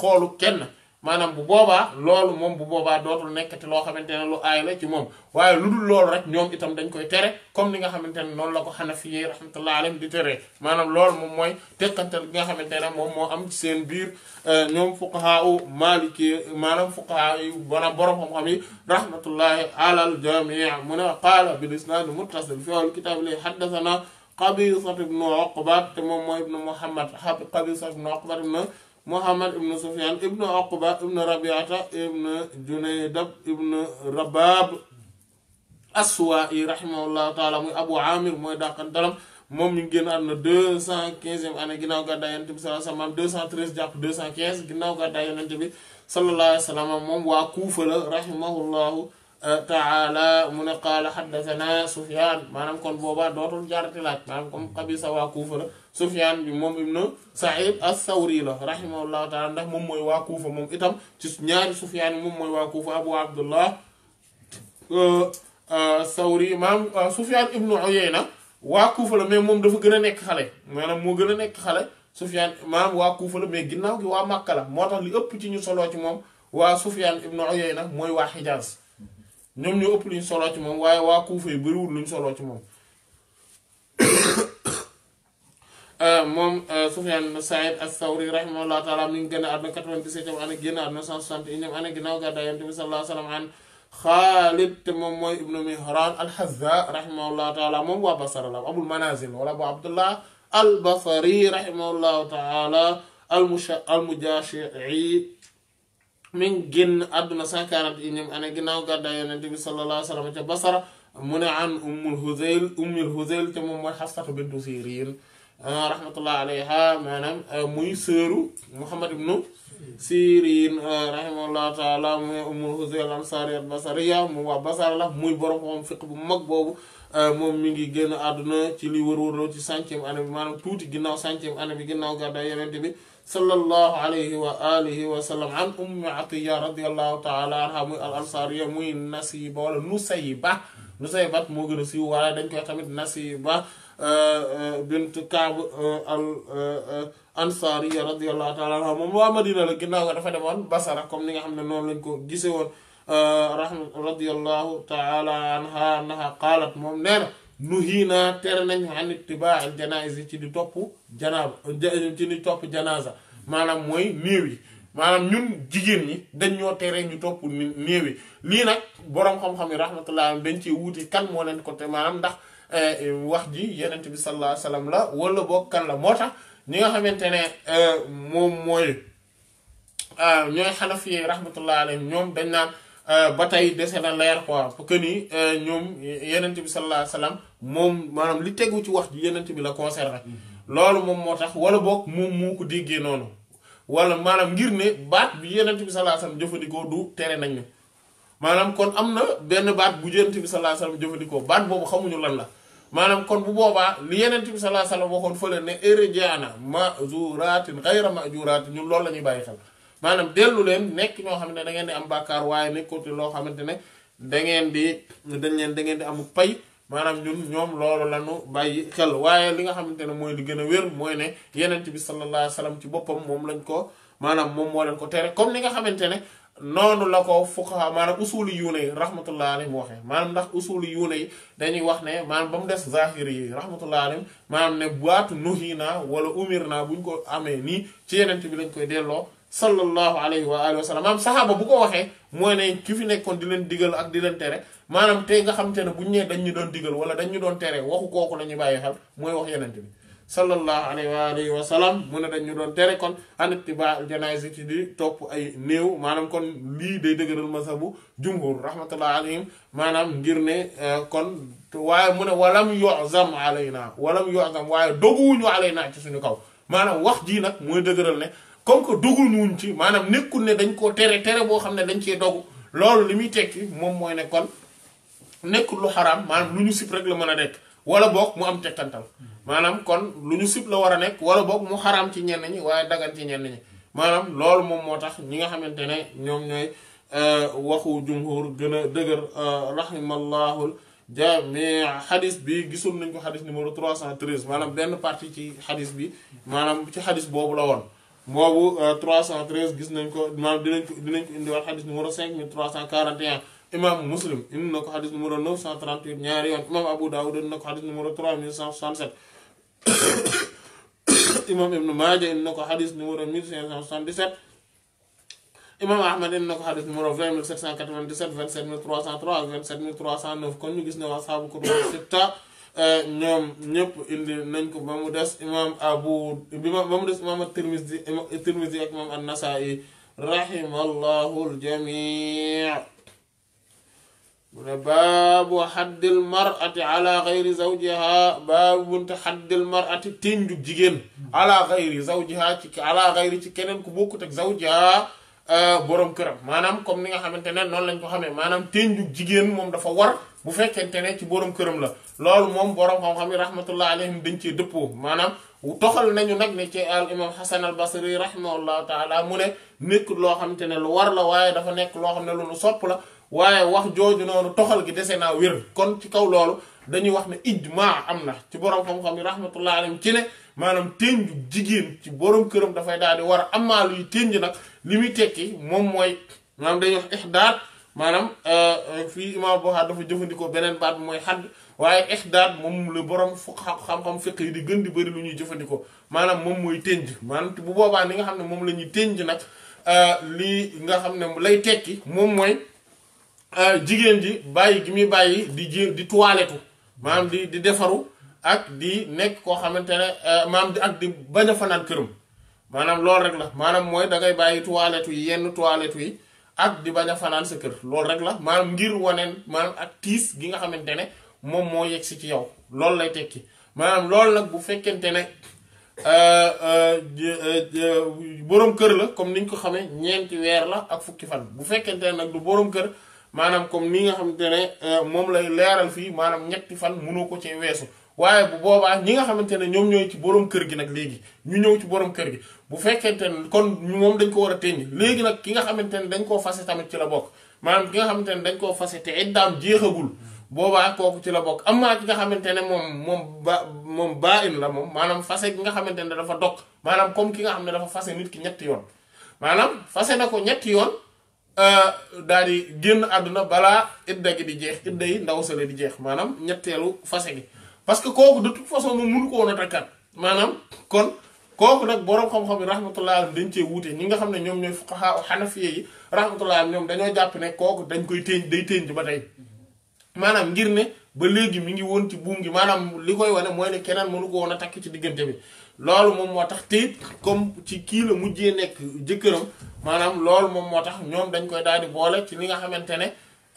xoolu kenn manam bu boba lolou mom bu boba dootul nekati lo xamantene lu ay la ci mom waye luddul lolou rek ñom itam dañ koy tere comme li nga xamantene non la ko xanafi yi rahmatullah alayhim di tere manam lolou mom moy tekantal nga xamantene mom mo am ci seen biir ñom fuqaha u maliki manam fuqaha yi maanaam borom xam-xam yi rahmatullah alal jamii mu ne qaala bil isnad muttasil fi al kitab li hadathana qabisat ibnu oqbat te moom mooy ibnu muhammad qabisat ibnu oqbat muhammad ibnu sufyan ibnu oqba ibnu rabiata ibnu junaydab ibnu rabab aswai rahimahullahu taala muy abu amir mooy dàqantalam moom mi ngi génn àdduna deux cent quinzième année ginnaaw gàddaay yonent bi sallallahu alayhi wasallam deux cent treize jàpp deux cent quinze ginnaaw gàddaay yonent bi sallallahu alayhi wasallam moom waa kuufa la rahimahullahu euh, taala mu ne qaala xaddathana sufyan maanaam kon boobaa dootul jaarati laaj maanaam comme xabisa waa kuufa Sufyaan bi moom ibnu Saïd as-Sawri la rahimahullahu taala ndax moom mooy waa Kuufa moom itam ci ñaari Sufyaan yi moom mooy waa Abu Abdullah Sawri maam Sufyaan ibnu Uyayna waa Kuufa la mais moom dafa gën a nekk xale maanaam moo gën a nekk xale Sufyaan maam waa Kuufa la mais ginnaaw gi waa Makka la moo tax li ëpp ci ñu soloo ci moom waa Sufyaan ibnu Uyayna mooy waa Xijaas ñoom ñu ëpp lu ñu soloo ci moom waaye waa Kuufa yi bariwul lu ñu soloo ci moom moom Sufyaan Saïd as-Sawri rahimahullah taala mi ngi génn àdduna 97 ane génn àdduna 161 ane ginnaaw gàddaay Yonent bi sallallahu alayhi wa sallam an Xaalid te moom mooy ibnu Mihraan al-Hazza rahimahullah taala moom waa Basra la Abul Manazil wala bu Abdullah al-Basri rahimahullah taala al-Mujashii mi ngi génn àdduna 141 ane ginnaaw gàddaay Yonent bi sallallahu alayhi wa sallam ca Basra mu ne an Ummul Huzayl Ummul Huzayl te moom mooy Hafsatu bintu Sirin rahmatullah alayha maanaam euh, muy sëru Muhammad ibnu Sirin euh, rahimahullahu taala muy Ummul Huzayl al-Ansari al-Basariya mu waa Basara muy borom xam fiq bu mag boobu euh, moom mu ngi génn àdduna ci li wër-wërloo ci centième année bi tuuti ginnaaw centième année bi ginnaaw gàddaay Yonent bi sallallahu alayhi wa alihi wa sallam an Ummi Atiya radiyallahu taala anha muy al-Ansariya muy Nasiba wala Nusayba Nusaybat moo gën a siiw waaye dañ koy tamit Nasiba Euh, euh, bint Kaab euh, al Ansaariya radiyallahu taala anha moom waa Madina la ginnaaw ga dafa demoon Basara comme ni nga xam ne noonu lañ ko gise woon rahma radiyallahu taala anha annaha qaalat moom nee na nuhiina tere nañ an ittibaa al janaa'iz ci di topp janaaba ci di topp janaaza maanaam mooy néew yi maanaam ñun jigéen ñi dañ ñoo rek ñu topp néew yi lii nag boroom xam-xam yi rahmatullah dañ ci wuuti kan moo leen ko te maanaam ndax eh, wax ji yenent bi sallallahu alayhi wasallam la wala boog kan la moo tax ñi nga xamante ne eh, moom mooy eh, ñooy xanaf yi rahmatullah alayhim ñoom dañ naan ba tey dese na leer quoi pour que ñoom yenent bi sallallahu alayhi wasallam moom maanaam li tegu ci wax ji yenent bi la concerné mm-hmm. loolu moom moo tax wala boog moom moo ko déggee noonu wala maanaam ngir ne baat bi yenent bi sallallahu alayhi jëfandikoo du tere nañ ñu maanaam kon am na benn baat bu yenent bi sallallahu alayhi jëfandikoo baat boobu xamuñu lan la maanaam kon bu boobaa li yenent bi sallallahu alayhi wasallam waxoon fële ne irjaana mazuratin ghayra majuratin ñun loolu la ñuy bàyyi xel maanaam dellu leen nekk ñoo xam ne dangeen di am bàkkaar waaye nekkote loo xamante ne da ngeen di dañ leen da ngeen di amu pay maanaam ñun ñoom loolu lañu bàyyi xel waaye li nga xamante ne mooy li gën a wér mooy ne yenent bi sallallahu alayhi wasallam ci boppam moom lañ ko maanaam moom moo leen ko tere comme li nga xamante ne noonu la ko fuqaha maanaam usuli yuune yi rahmatullah alayhim waxee maanaam ndax usuli yuune yi dañuy wax ne maanaam ba mu des zahiri yi rahmatullah alayhim maanaam ne baatu nuhi naa wala umir naa buñ ko amee nii ci yenent bi lañ koy delloo sallallahu alayhi wa alihi wa sallam maanaam saxaaba bu ko waxee mooy ne ki fi nekkoon di leen digal ak di leen tere maanaam te nga xamante ne bu ñu nee dañ ñu doon digal wala dañ ñu doon tere waxu kooku la bàyyi xel mooy wax yenente bi sallallahu alayhi wa alihi wa salaam mu ne dañ ñu doon tere kon an ittiba janaazi ci di topp ay néew maanaam kon lii day dëgëral masabu jumhur rahmatullah alayhim maanaam ngir ne euh, kon waaye mu ne walam yozam alayna walam yozam waaye doguwuñu naa ci suñu kaw maanaam wax jii nag mooy dëgëral ne comme que doguñu wuñ ci maanaam nekkul ne dañ koo tere tere boo xam ne dañ cee dogu loolu li muy tekki moom mooy ne nekkul lu xaraam maanaam lu ñu sib rek la mën a nekk wala book mu am tekkantal maanaam kon lu ñu sib la war a nekk wala boog mu xaraam ci ñenn ñi waaye dagan ci ñenn ñi maanaam loolu moom moo tax ñi nga xamante ne ñoom ñooy euh, waxu jumhur gën a dëgër euh, rahimallahul jami xadis bi gisoon nañ ko xadis numéro 313 maanaam benn partie ci xadis bi maanaam ci xadis boobu la woon boobu 313 euh, gis nañ ko maanaam dinañ ko dinañ ko indiwaat xadis numéro 5341 imam muslim indi na ko xadis numéro 938 ñaari yoon imam abu dawud indi na ko xadis numéro 3167 imam ibnu maaja indi na ko xadis numéro 1577 imam ahmad indi na ko xadis numéro 20797 27303 ak 27309 kon ñu gis ne waa saabu kutubu sitta eh, ñoom ñëpp indi nañ ko ba mu des imam abu ba mu des imam at-tirmidhi tirmidhi nasai rahimallahu al mu ne baabu xaddil marati ala xayri zawjiha baabu bunte xaddil marati ténjug jigéen ala xayri zawjiha ci ala xayri ci keneen ku bokkut ak zawjiha borom këram maanaam comme ni nga xamante ne noonu lañ ko xamee maanaam ténjug jigéen moom dafa war bu fekkente ne ci borom këram la loolu moom borom xam-xam yi rahmatullah alayhim dañ cee dëppoo maanaam toxal nañu nag ne ci al imam hasan al basri rahimahullahu taala mu ne nekk loo xamante ne lu war la waaye dafa nekk loo xam ne lu nu sopp la waaye wax jooju noonu toxal gi dese naa wér kon ci kaw loolu dañuy wax ne ij ijmaa am na ci borom xam-xam yi rahmatullah alayhi ci ne maanaam tënju jigéen ci borom këram dafay daal war a amaa luy tënj nag li muy tekki moom mooy maanaam dañuy wax ihdaat maanaam euh, euh, fii imaam Buxaari dafa jëfandikoo beneen baat mooy xadd waaye ihdaat moom la borom fu xam-xam fiq yi di gën di bëri lu ñuy jëfandikoo maanaam moom mooy tënj maanaam bu boobaa li nga xam ne moom la ñuy tënj nag euh, li nga xam ne lay tekki moom mooy. Euh, jigéen ji bàyyi gi muy bàyyi di jiir di toilette maanaam di di defaru ak di nekk koo xamante ne euh, maam di ak di bañ a fanaan këram maanaam loolu rek la maanaam mooy da ngay bàyyi toilette yi yenn toilette yi ak di bañ a fanaan sa kër loolu rek la maanaam ngir waneen maanaam ak tiis gi nga xamante ne moom moo yegg si ci yow loolu lay tekki maanaam loolu nag bu fekkente ne euh, boroom kër la comme niñ ko xamee ñeenti weer la ak fukki fan bu fekkente ne nag du boroom kër. maanaam comme ni nga xamante ne euh, moom lay leeral fii maanaam ñetti fan mënoo ko ci weesu waaye bu boobaa ñi nga xamante ne ñoom ñooy ci borom kër gi nag léegi ñu ñëw ci borom kër gi bu fekkente ne kon moom dañ ko war a teññ léegi nag ki nga xamante ne dañ koo fase tamit ci la bokk maanaam ki nga xamante ne dañ koo fase te iddaam jeexagul boobaa kooku ci la bokk amaa ki nga xamante ne moom moom ba moom baa in la moom maanaam fase ki nga xamante ne dafa dog maanaam comme ki nga xam ne dafa fase nit ki ñetti yoon maanaam fase na ko ñetti yoon Euh, daal di génn àdduna balaa idda gi di jeex idda yi ndaw sale di jeex maanaam ñetteelu fase gi parce que kooku de toute façon moom mënu ko woon a maanaam kon kooku nag boroom xam-xam yi rahmatullah alam dañ cee wuute ñi nga xam ne ñoom ñooy fuqaha xanafiye yi rahmatullah alam ñoom dañoo jàpp ne kooku dañ koy téen day téen ba tey maanaam ngir ne ba léegi mi ngi woon ci buum gi maanaam li koy wane mooy ne keneen mënu ko woon a takk ci diggante bi loolu moom moo tax te comme ci kii la mujjee nekk jëkkëram maanaam loolu moom moo tax ñoom dañ koy daal di boole ci li nga xamante ne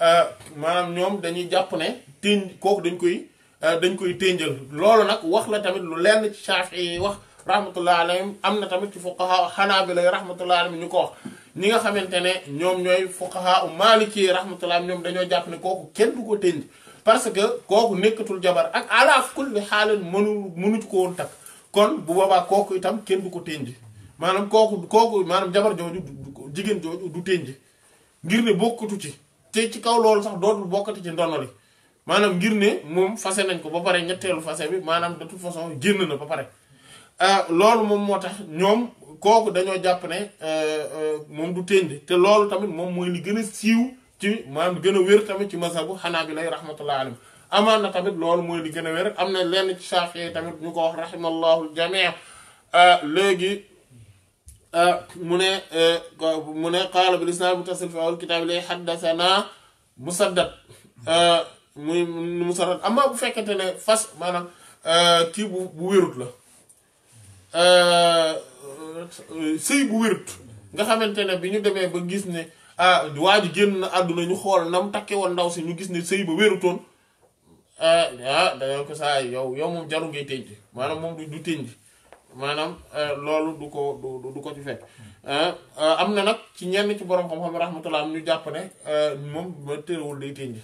euh, maanaam ñoom dañuy jàpp ne téen kooku dañ koy euh, dañ koy ténjal loolu nag wax la tamit lu lenn ci Shaafi'i yi wax rahmatullah alayhim am na tamit ci fuqaha Hanaabila rahmatullah alayhim ñu ko wax nga xamante ne ñoom ñooy fuqaha u Maliki rahmatullah ñoom dañoo jàpp ne kooku kenn du ko ténj parce que kooku nekkatul jabar ak ala kulli xaalin mënu mënuñu ko woon takk kon bu boobaa kooku itam kenn du ko tënji maanaam kooku kooku maanaam jabar jooju jigéen jooju du tënji ngir ne bokkatu ci te ci kaw loolu sax dootul bokkati ci ndono li maanaam ngir ne moom fase nañ ko ba pare ñetteelu fase bi maanaam de toute façon génn na ba pare euh, loolu moom moo tax ñoom kooku dañoo jàpp ne euh, euh, moom du tënji te loolu tamit moom mooy li gën a siiw ci maanaam gën a wér tamit ci mazhabu xanaa bi lay rahmatullah alayhi amaan na tamit loolu mooy li gën a wér am na lenn ci Shaafi'i tamit ñu ko wax rahimallahu jamii léegi mu ne mu ne qaala bil isnaad muttasil fi awwal kitaab li haddasanaa Musaddad muy Musaddad amaa bu fekkente ne fas maanaam kii bu bu wérut la sëy bu wérut nga xamante ne bi ñu demee ba gis ne ah waa ji génn àdduna ñu xool na mu takke woon ndaw si ñu gis ne sëy ba wérutoon ah, ah da ko saa yow yow moom jaru ngay tënj maanaam moom du tënj maanaam eh, loolu du ko du du ko ci fekk ah, ah, am na nag ci ñenn ci borom xam-xam rahmatullah am ñu jàpp ne eh, moom ma tërawul day tënj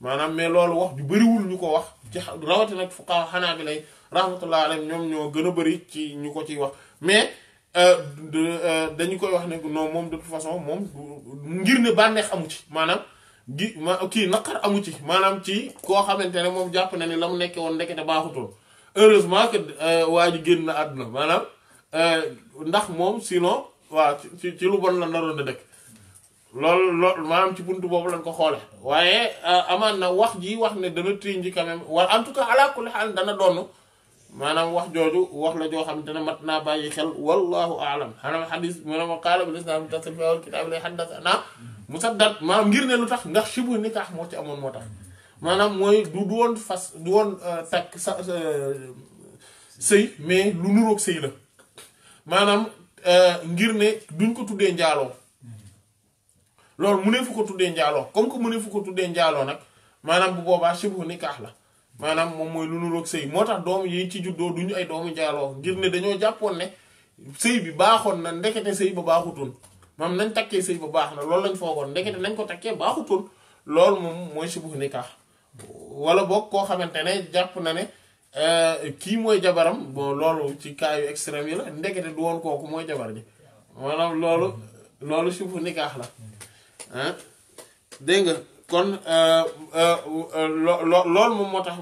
maanaam mais loolu wax ju bëriwul ñu ko wax ci rawatina nag fuqaha xanaa bi lay rahmatullah alayhim ñoom ñoo gën a bëri ci ñu ko ciy wax mais eh, dañu koy wax ne non moom de toute façon moom ngir ne bànneex amu ci maanaam. gi ma kii naqar amu ci maanaam ci koo xamante ne moom jàpp na ni la mu nekkee woon ndekete baaxutoon heureusement que euh, waa ji génn na àdduna maanaam euh, ndax moom sinon waaw ci ci lu bon la naroon a dëkk loolu lool maanaam ci buntu boobu lañ ko xoole waaye euh, amaan na wax ji wax ne dana tënji quand même waa en tout cas ala kulli dana donn maanaam wax jooju wax la joo xamante ne mat naa bàyyi xel wallahu alam xanaa xadis maanaam qaala bil isnaad muttasil fil kitaab li haddathanaa musaddad maanaam ngir ne lu tax ndax shibhu nikah moo ci amoon moo tax maanaam mooy du doon fas du woon euh, takk sa euh, sëy mais lu nuroog sëy la maanaam euh, ngir ne duñ ko tuddee njaaloo loolu mu ne fu ko tuddee njaaloo comme que mu ne fu ko tuddee njaaloo nag maanaam bu boobaa shibhu nikah la maanaam moom mooy lu nuroog sëy moo tax doom yi ci juddoo du ñu ay doomu njaaloo ngir ne dañoo jàppoon ne sëy bi baaxoon na ndekete sëy ba baaxutoon maam nañ takkee sëy ba baax na loolu lañ foogoon ndekete nañ ko takkee baaxutoon loolu moom mooy subu nikaax wala boog koo xamante ne jàpp na ne euh, kii mooy jabaram bon loolu ci cas yu yi la ndekete du woon kooku mooy jabar ji maanaam loolu loolu subu nikaax la nga kon euh, euh, euh, lo loolu moom moo tax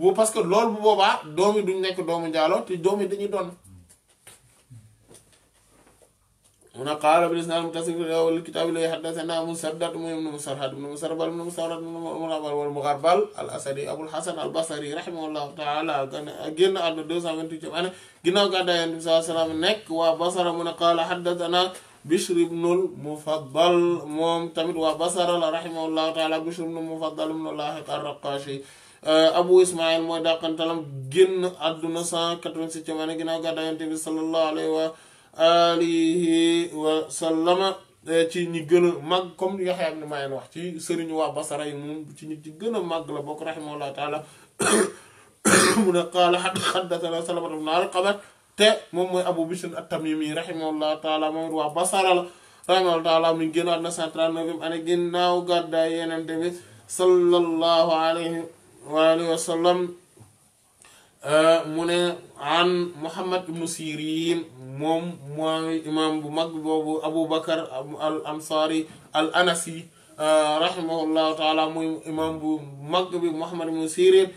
bu parce que loolu bu boobaa doom yi duñ nekk doomu njaalo te doom yi dañuy doon mun a qaala bil isnaad muttasil fil awwal kitaab li haddathanaa Musaddad mu ibn Musarhad ibn Musarbal ibn Musawrad ibn Mugharbal wal Mugharbal al asadi Abul Hasan al Basri rahimahullahu taala génn àdduna 228 ane ginnaaw gàddaay Yonent bi sallallahu alayhi nekk waa Basra mun a qaala haddathanaa Bishr ibnul Mufaddal moom tamit waa Basara la rahimahullahu taala Bishr ibnul Mufaddal ibnu Laahiq ar-Raqaashi Abu Ismaïl mooy dàqantalam génn àdduna 187 ma ne ginnaaw gàddaay Yonent bi sallallahu alayhi wa alihi wa sallama ci ñi gën a màgg comme Yaxya ibn Ma'in wax ci sëriñu waa Basara yi moom ci ñi ci gën a màgg la bokk rahimahullahu taala mu ne qaala xaddathana Salamatu bnu Alqama te moom mooy Abu Bishr at-Tamimi rahimahullahu taala moom it waa Basara la rahimahullahu taala mi ngi euh, boobu Abu Bakar al Ansari al Anasi euh, rahimahullahu taala mooy imam bu mag bi Muhammad ibnu Sirin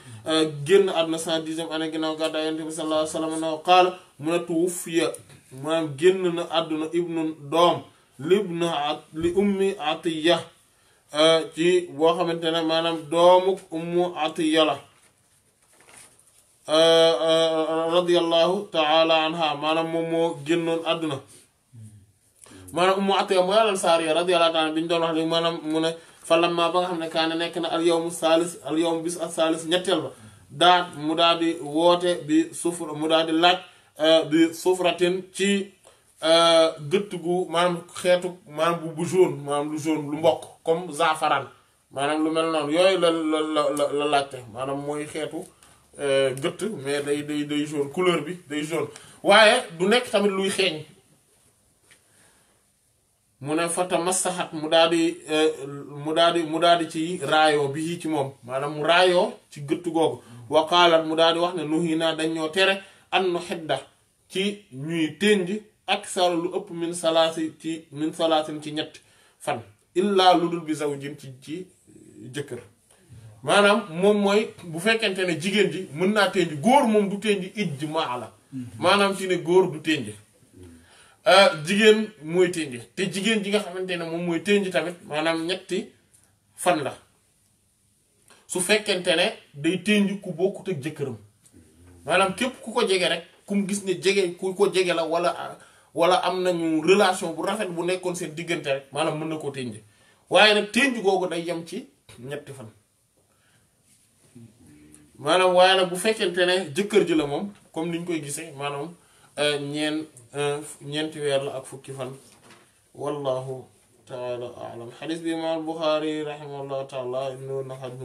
génn àdduna 110e année ginnaaw gàddaay Yonent bi sallallahu alayhi wa sallam mu ne tuwuffiya maanaam génn na àdduna ibnu doom libnu li ummi atiya euh, ci woo xamante ne maanaam doomu ummu atiya la euh, radiyallahu taala anha maanaam moom moo génnoon àdduna maanaam ummu atiya mooy alal saariya radiyallahu taala bi ñu doon wax maanaam mu ne falamma ba nga xam ne kaane nekk na al yowmu saalis al yowmu bis al saalis ñetteel ba daat mu daal di woote bi sufur mu daal di laaj bi euh, sufratin ci euh, gëtt gu maanaam xeetu maanaam bu bu jaune maanaam lu jaune lu mbokk comme zafaran maanaam lu mel noonu yooyu la la la la laajte maanaam mooy xeetu euh, gëtt mais day day day jaune couleur bi day jaune waaye du nekk tamit luy xeeñ mu ne fata masaxat mu daal di mu daal di mu daal di ci raayo bi ci moom maanaam mu raayo ci gëtt googu waqaalat mu daal di wax ne nuhi naa dañ ñoo tere an nu ci ñuy ténj ak sara lu ëpp min salaasi ci min salaasin ci ñett fan illaa lu dul bi zawjin ci ci jëkkër maanaam moom mooy bu fekkente ne jigéen ji mën naa ténj góor moom du ténj ijmaa la mhm. maanaam ci ne góor du ténj euh, jigéen mooy ténj te jigéen ji nga xamante ne moom mooy ténj tamit maanaam ñetti fan la su fekkente ne day ténj ku bokkut ak jëkkëram maanaam képp ku ko jege rek ku mu gis ni jege ku ko jege la wala wala am nañu relation bu rafet bu nekkoon seen diggante rek maanaam mën na koo tënj waaye nag tënj googu day yem ci ñetti fan maanaam waaye nag bu fekkente ne jëkkër ji la moom comme niñ koy gisee maanaam euh, ñeen euh, ñeenti weer la ak fukki fan wallahu taala alam xadis bi imaam Buxaari rahimahullahu taala indi woon na xadis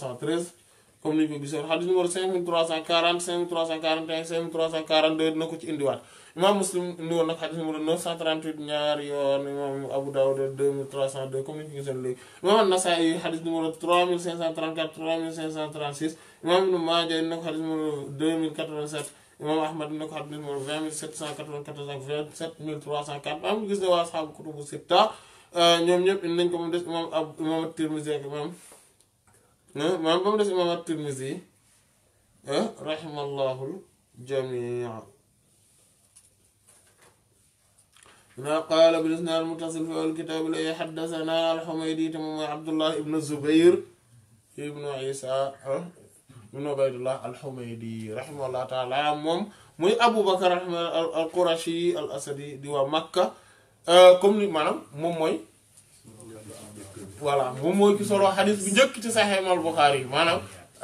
cent 313 comme ni ñu ko gisoon xadis numéro 5340 5341 5342 dina ko ci indiwaat imaam muslim indi woon nag xadis numéro 938 ñaari yoon imaam Abu Dawud 2302 comme ni ñu ko gisoon léegi imaam Nasaa'i xadis numéro 3534 3536 imaam Ibn Maaja dina ko xadis numéro 2087 imaam Ahmad dina ko xadis numéro 20794 ak 27304 maa ngi gis ne waa asxaabu kutubu sitta euh, ñoom ñëpp indi nañ ko moom des imaam ab imaam Tirmisi ak imaam man bam dess imam at-tirmidhi eh هنا قال بالاسناء المتصل في الكتاب الذي حدثنا الحميدي تمام عبد الله ابن الزبير ابن عيسى ابن عبد الله الحميدي رحمه الله تعالى مم مي ابو بكر رحمه القرشي الاسدي ديوا مكه آه، كم مانام مم مي voilà moom mooy ki solo xadis bu njëkk ci Sahih al-Bukhari maanaam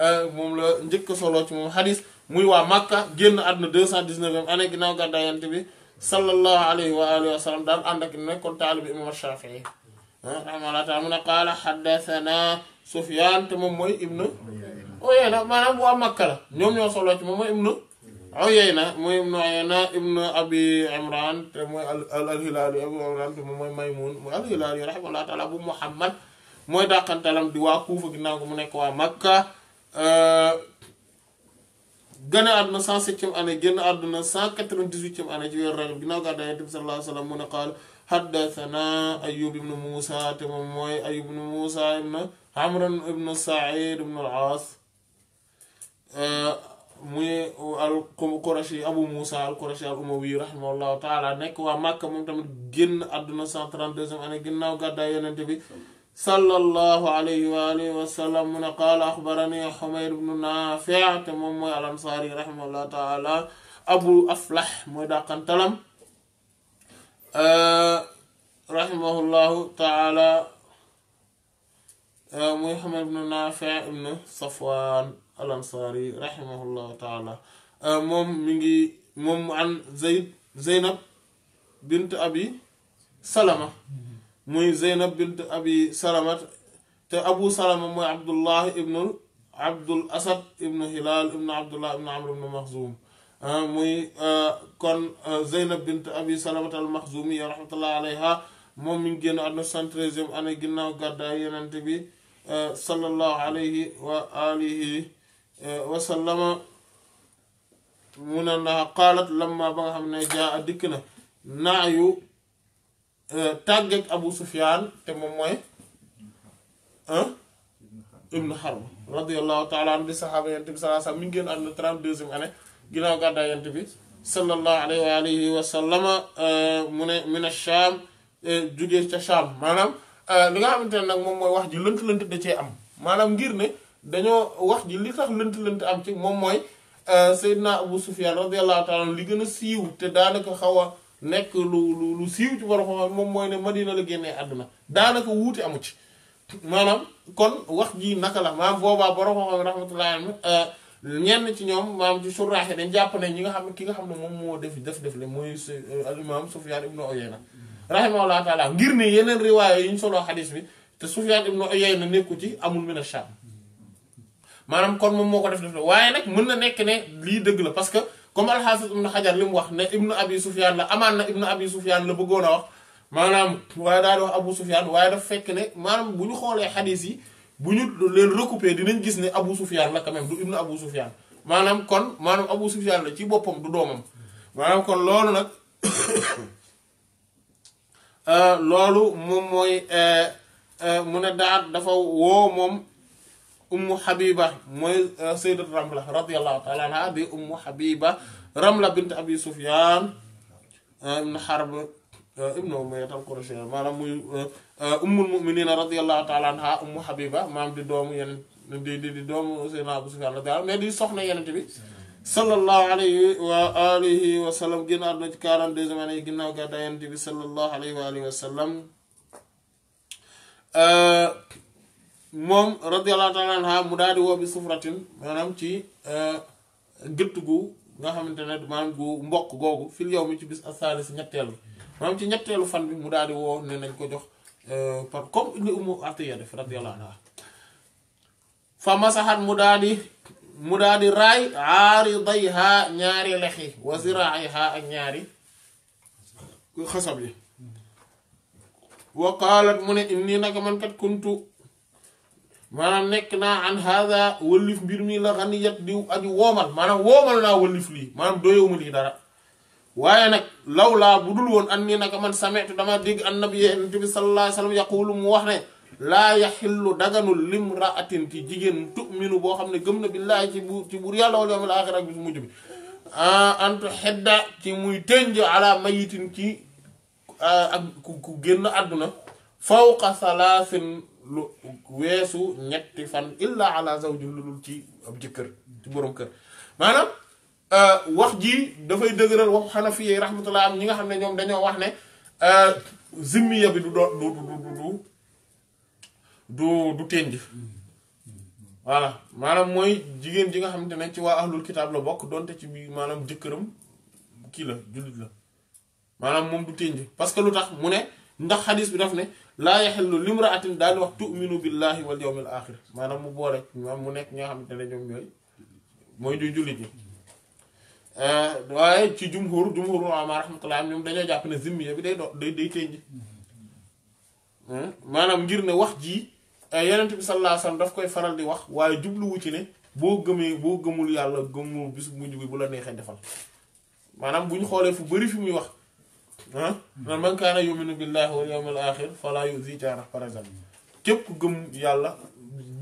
euh, moom la njëkk solo ci moom xadis muy waa Makka génn àdduna deux cent dix-neuvième année ginnaaw gàddaay Yonent bi sallallahu alayhi wa alihi wa sallam daan ànd ak nekkoon taalibi Shafii moom mooy ibnu Uyayna maanaam waa Makka la ñoom ñoo solo moom mooy ibnu Uyayna mooy ibnu Abi Imran te mooy al al Hilaali Abu Imran te moom mooy Maymuun mooy al Hilaali rahimahullah taala bu Muhammad mooy dàqantalam di waa Kuufa ginnaaw gi mu nekk waa Makka euh, gën a àdduna cent septième année génn àdduna cent quatre dix huitième année ci weer Rajab ginnaaw gàddaay Yonent bi moom mooy Ayyub ibn Musa ibn Amr ibn Sa'id ibn al-As euh, muy al-Qurashi Abu Musa al bi صلى الله عليه وآله وسلم قال أخبرني حمير بن نافع تمام الأنصاري رحمه الله تعالى أبو أفلح مداقن تلم أه رحمه الله تعالى محمد بن نافع بن صفوان الأنصاري رحمه الله تعالى مم ميجي مم عن زيد زينب بنت أبي سلمة موي زينب بنت ابي سلمه ت ابو سلمه موي عبد الله ابن عبد الاسد ابن هلال ابن عبد الله ابن عمرو بن مخزوم موي كون زينب بنت ابي سلمه المخزومي رحمه الله عليها موم نغي ن 113 عام غيناو غدا يننتبي صلى الله عليه واله وسلم منا قالت لما بغا خمنه جاء دكنا نعيو Euh, tàggeeg Abu Sufyaan te moom mooy ibnu Harb radiyallahu taala an saxaaba yent bi sallallahu alayhi wa sallam mi ngi génn àdduna trente-deuxième année ginnaaw gàddaa yent bi sallallahu alayhi wa alihi wa euh, mu ne mina Shaam euh, jógee ca Shaam maanaam li nga xamante ne nag moom mooy wax ji lënt-lënt da cee am maanaam ngir ne dañoo wax ji li tax lënt-lënt am ci moom mooy Seydina Abu Sufyaan radiyallahu taala li gën a siiw te daanaka xaw a nekk lu lu lu siiw ci borom moom mooy ne na la génnee àdduna daanaka wuute amu ci maanaam kon wax ji naka la maam boobaa borom xam rahmatullahi alayhi euh, ñenn ci ñoom maam ci surraaxe dañ jàpp ne ñi nga xam ne ki nga xam ne moom moo def def def le mooy euh, al imam Sufyaan ibnu Uyayna rahimahullah ngir ne yeneen riwaayo yi ñu soloo xadis bi te Sufyaan ibnu Uyayna ci amul mina Shaam maanaam kon moom moo ko def def le waaye nag mën na nekk ne lii dëgg la parce que comme alxaafis ibnu xajar li mu wax ne ibnu abi sufyaan la amaan na ibnu abi sufyaan la bëggoon a wax maanaam waaye daal di abu sufyaan waaye daf fekk ne maanaam bu ñu xoolee xadiis yi bu ñu leen recoupé dinañ gis ne abu sufyaan la quand même du ibnu abu sufyaan maanaam kon maanaam abu sufyaan la ci boppam du doomam maanaam kon loolu nag euh, loolu moom mooy euh, euh, mu ne daal dafa woo moom ummu Habiba mooy sayyidat Ramla radiyallahu taala anha di ummu Habiba Ramla bint Abi Sufyan ibn Harb ibn Umayya al-Qurashiyya maanaam muy ummul mu'minina radiyallahu taala anha ummu Habiba maam di doomu yeneen di di di doomu Seydina Abu Sufyan radiyallahu mais di soxna yeneen bi sallallahu alayhi wa alihi wa sallam génn àdduna ci 42 ans yi ginnaaw gàddaay yeneen bi sallallahu alayhi wa alihi wa sallam moom radiyallahu taala anha mu daal di woo bi sufratin maanaam ci euh, gëtt gu nga xamante ne maanaam gu mbokk googu fil yow mi ci bis asaali si ñetteelu maanaam ci ñetteelu fan bi mu daal di woo ne nañ ko jox euh, par comme ibnu umu atiya def radiyallahu anha fa masaxat mu daal di mu daal di raay aaridayha ñaari lexi wa ziraayiha ak ñaari xasab yi wa qaalat mu ne inni naka man kat kuntu maanaam nekk naa an hada wëllif mbir mii la xaniyat di aji woomal maanaam woomal naa wëllif lii maanaam doyowuma lii dara waaye nag law laa bu dul woon an nii naka man sametu dama dégg an nabi yonent bi sallallahu mu wax ne laa yaxillu daganul lim raatin ci jigéen tuminu boo xam ne gëm na billaahi ci bu yàlla wal yawmil aaxir bi ah, antu xedda ci muy tënj ala mayitin ci ah, ak ku génn àdduna fawqa salaasin lu weesu ñetti fan illa ala zawji lu dul ci ab jëkkër ci borom kër maanaam euh, wax ji dafay dëgëral waxu xanafi yi rahmatullah am ñi nga xam ne ñoom dañoo wax ne euh, zimmiya bi du doon du du du du tenj voilà maanaam mooy jigéen ji nga xamante ne ci waa ahlul kitaab la bokk doonte ci bi maanaam jëkkëram kii la jullit la maanaam moom du tenj parce lu tax mu ne ndax hadith bi daf ne la yahlu limraatin dal di wax tu'minu billahi wal yawmil akhir manam mu boole maanaam mu nek ñi nga xamante ne ñoom ñooy mooy du jullit euh way ci jumhur jumhur ulama rahmatullah ñoom dañoo jàpp ne zimmiya bi day do day day tënj manam ngir ne wax ji yaronte bi sallallahu alayhi wasallam daf koy faral di wax jublu wu ci ne bo gëmee bo gëmul yàlla gëmul bisu bu mujj bi bu la nexe defal manam buñ xolé fu bari fi muy wax. naan man kaana yuminu billahi wal yawmil axir fala yuzi jaarax par exemple képp ku gëm yàlla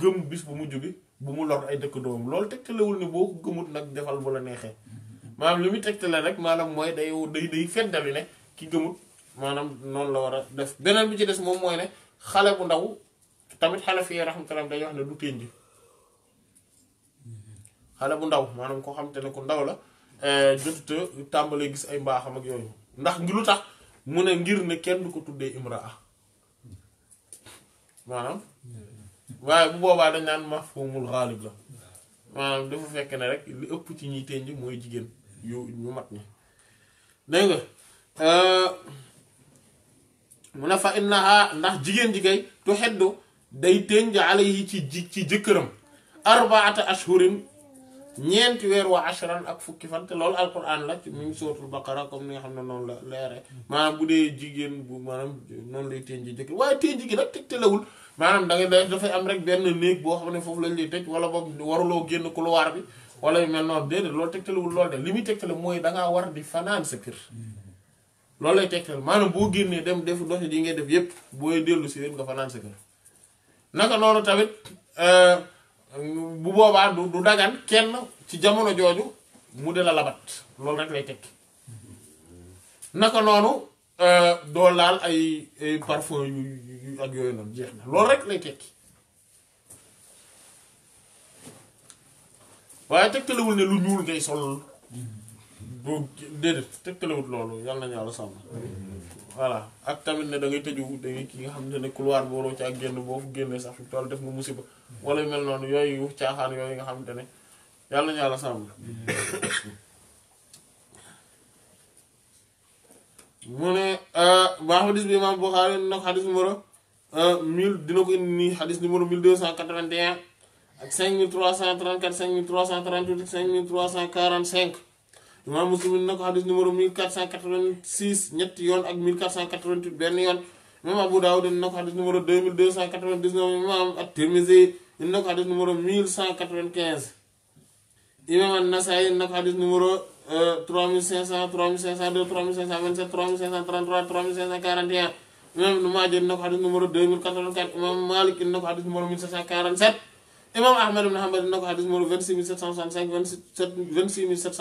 gëm bis bu mujj bi bu mu lor ay dëkk doom loolu tegtalewul ne boo ko gëmut nag defal bu la neexee maanaam li muy tegtale rek maanaam mooy day day day feddali ne ki gëmut maanaam noonu la war a def beneen bi ci des moom mooy ne xale bu ndaw tamit xale fi rahmatullah dañuy wax ne du pénj xale bu ndaw maanaam koo xam te ne ku ndaw la eh, jotut tàmbalee gis ay mbaaxam ak yooyu ndax lu tax mu ne ngir ne kenn du ko tuddee imraa maanaam waaye bu boobaa dañ naan mafhumul xaalib la maanaam dafa fekk ne rek li ëpp ci ñi tenj mooy jigéen yu ñu mat ñi dégg euh, mu ne fa innaha ndax jigéen ji kay tu xeddu day tenj yi ci ci jëkkëram arbaata ashhurin ñeenti weer waa ashran ak fukki fan te loolu alquran la ci mu ngi sootul baqara comme ni nga xam ne noonu la leere maanaam bu dee jigéen bu maanaam noonu lay tënji jëkk waaye tënji gi nag teg telewul maanaam da nga dafay am rek benn néeg boo xam ne foofu lañ lay tëj wala boog waruloo génn couloir bi wala yu mel noonu déedéet loolu tegtalewul loolu de li muy tegtale mooy dangaa war di fanaan sa kër loolu lay tegtal maanaam boo génnee dem def doxi di ngay def yépp booy dellu si yépp nga fanaan sa kër naka noonu tamit euh, bu boobaa du du kenn ci jamono jooju mu de la labat loolu rek lay tekki naka noonu euh, doo laal ay parfum yu ak yooyu noonu jeex na loolu rek lay tekki waaye tegtalewul ne lu ñuul ngay sol bu déedéet tegtalewul loolu yàlla nañu yàlla sàmm voilà ak tamit ne da ngay tëju da ngay ki nga xam ne couloir booloo ci ak génn boo fu génnee sax fi tool def nga musiba wala yu mel noonu yooyu caaxaan yooyu nga xamante ne yàlla ñu yàlla mu ne euh, baax xadis bi imaam Buxaari na ko xadis numéro euh, mille dina ko indi nii xadis numéro mille deux cent quatre-vingt-un ak cinq mille trois cent trente-quatre cinq mille trois cent trente-huit cinq mille trois cent quarante-cinq imaam Muslim na ko xadis numéro mille quatre cent quatre-vingt-six ñetti yoon ak mille quatre cent quatre vingt yoon imam Abu Daawud indi na ko xadis numéro deux mille deux cent quatre-vingt-dix-neuf imam At-Tirmidhi indi na ko xadis numéro mille cent quatre-vingt-quinze imam An-Nasa'i indi ko xadis numéro euh, trois mille cinq cent trois mille cinq cent deux trois trois mille cinq cent quarante et imam Ibn Maaja indi na ko xadis numéro deux mille quatre-vingt-quatre imam Malik indi ko xadis numéro mille sept cent quarante-sept imam Ahmad ibn Hanbal indi ko xadis numéro vingt-six mille sept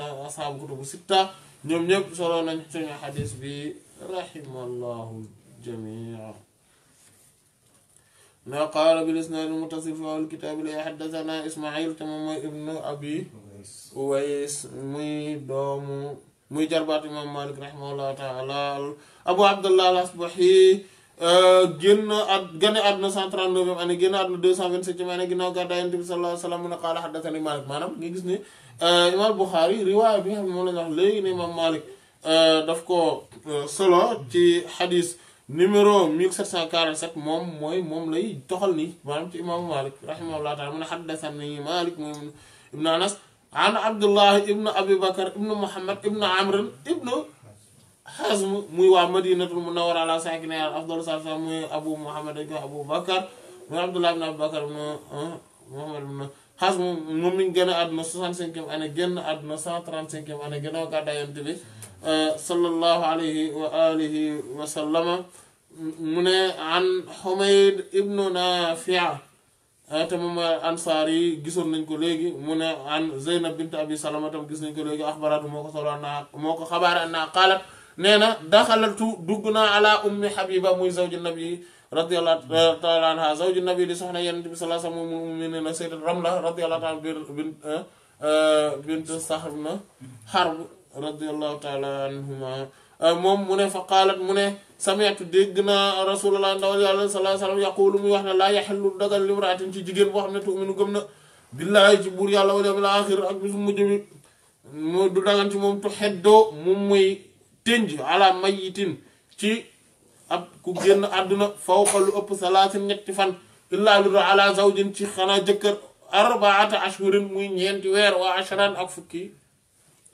cent ñoom ñëpp solo nañ suñu xadis bi raximallahu jamia na qaala bil isnaad al-muttasil fi awwal kitaab li xaddasana ismail te moom mooy ibnu abi uways muy doomu muy jarbaat imam malik raximahullahu taala abu abdullah al asbahi euh, génn at gane àdduna 139 ane génn àdduna 227 ane ginnaaw gàddaay yonent bi sallallahu alayhi wa sallam mu ne qaala xaddasani malik maanaam nga gis ne imam bukhari riwaaya bi nga xam la wax léegi ni imam Malik euh daf ko solo ci hadith numéro 1747 mom moy mom lay tokhal ni manam ci imam Malik rahimahullah taala mun ne xaddasani Malik moom ibnu Anas an abdullah ibn Abi bakr ibn Muhammad ibn amr ibn hazm muy wa Madinatul Munawwara ala saakinihaa afdalu salaatu salaam muy Abu Muhammad dañ Abu bakr muy Abdullah ibn Abi bakr mu Muhammad xasmu moom mi ngi génn àdduna 65e année génn àdduna 135e année ginnaaw gàddaay Yonent bi sallallahu alayhi wa alihi wa sallama mu ne an Humayd ibnu Nafia te moom ansaar yi gisoon nañ ko léegi mu ne an Zeynab bint Abi Salama tam gis nañ ko léegi axbaraatu moo ko solo naa moo ko xabaar naa qaalat nee na daxalatu dugg naa ala ummi Habiba muy zawju nabi radiyallahu taala anha zawju nabi di soxna yonent bi sallallahu alayhi wa sallam moom mu ne na sayyidat Ramla radiyallahu taala bint eh, eh, bint Saxna Harb radiyallahu taala anhuma eh, moom mu ne fa qaalat mu ne sami'tu dégg naa rasulullah ndawal yàlla sallallahu alayhi wa sallam yaqulu muy wax ne laa yaxillu dagal limraatin ci jigéen boo xam ne tu'minu gëm na billaahi ci buur yàlla wal yawmil aaxir ak bisu mujj bi mu du dagan ci moom tu xeddoo moom muy tënj ala mayitin ci ab ku génn àdduna fawqa lu ëpp salaasin ñetti fan illaa lu ala zawjin ci xanaa jëkkër arbaata ashhurin muy ñeenti weer waa asharan ak fukki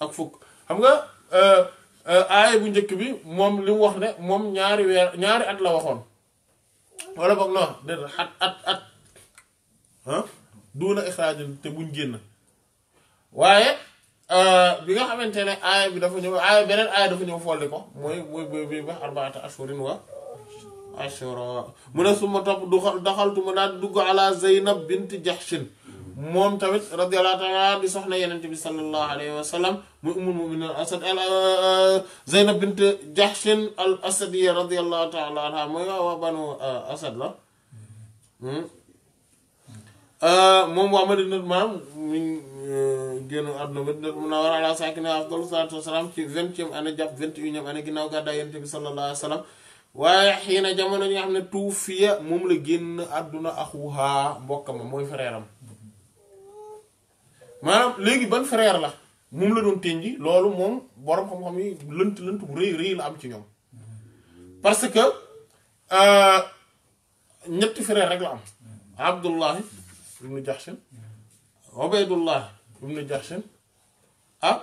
ak fukk xam nga aaye bu njëkk bi moom li mu wax ne moom ñaari weer ñaari at la waxoon wala boog non déedéet at at at ah duuna ixraajin te buñ génn waaye bi nga xamante ne aaya bi dafa ñëw aaya beneen aaya dafa ñëw folli ko mooy mooy bi ba arbaata ashurin wa ashura mu ne suma topp du daxaltu ma daal dugg ala zeynab bint jaxshin moom tamit radiyallahu taala di soxna yenent bi sallallahu alayhi wa sallam muy umul muminin al asad al zeynab bint jaxshin al asadiya radiyallahu taala anha mooy waa waa banu asad la Euh, moom waa Madinatu maam mi ngi euh, génn àdduna Madinatu Munawwara ala saakinihaa afdalu salaatu wa salaam ci vingtième année jàpp vingt et unième année ginnaaw gàddaay Yonent bi sallallaahu alayhi wa sallam waaye xii na jamono yi nga xam ne tuufiya moom la génn àdduna axuhaa mbokkam mooy frère am maanaam léegi ban frère la moom la doon tënji loolu moom borom xam-xam yi lënt lënt bu rëy rëy la am ci ñoom parce que euh, ñetti frère rek la am Abdullahi ibnu Jahsh Ubaydullah ibnu Jahsh ah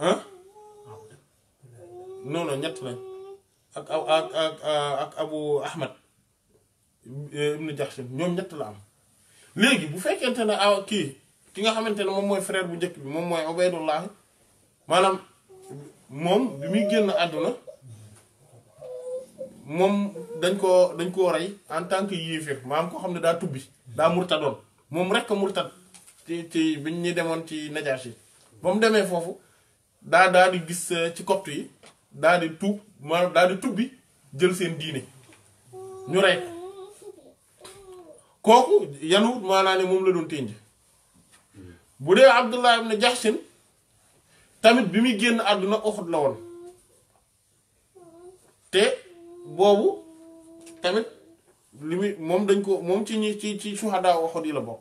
ah non ñett lañ ak ak Abu Ahmad eh, ibnu Jahsh ñoom ñett la am léegi bu fekkente ne aw ah, kii ki nga xamante ne moom mooy frère bu njëkk bi moom mooy Ubaydullah maanaam moom bi muy génn àdduna moom dañ ko dañ koo rey en tant que yéefir maanaam koo xam ne daa tubbi daa murtadoon moom rek a murtad ci ci biñ ñuy demoon ci Najaasi yi ba mu demee foofu daa daa di gis eh, ci copte yi daa di tuub maanaam daa di tubbi jël seen diine ñu rey kooku yanu maanaa ne moom la doon tënj bu dee Abdullah ibn Jahshin tamit bi muy génn àdduna Uhud la woon te boobu tamit li muy moom dañ ko moom ci ñi ci ci suhadaa waxoon yi la bokk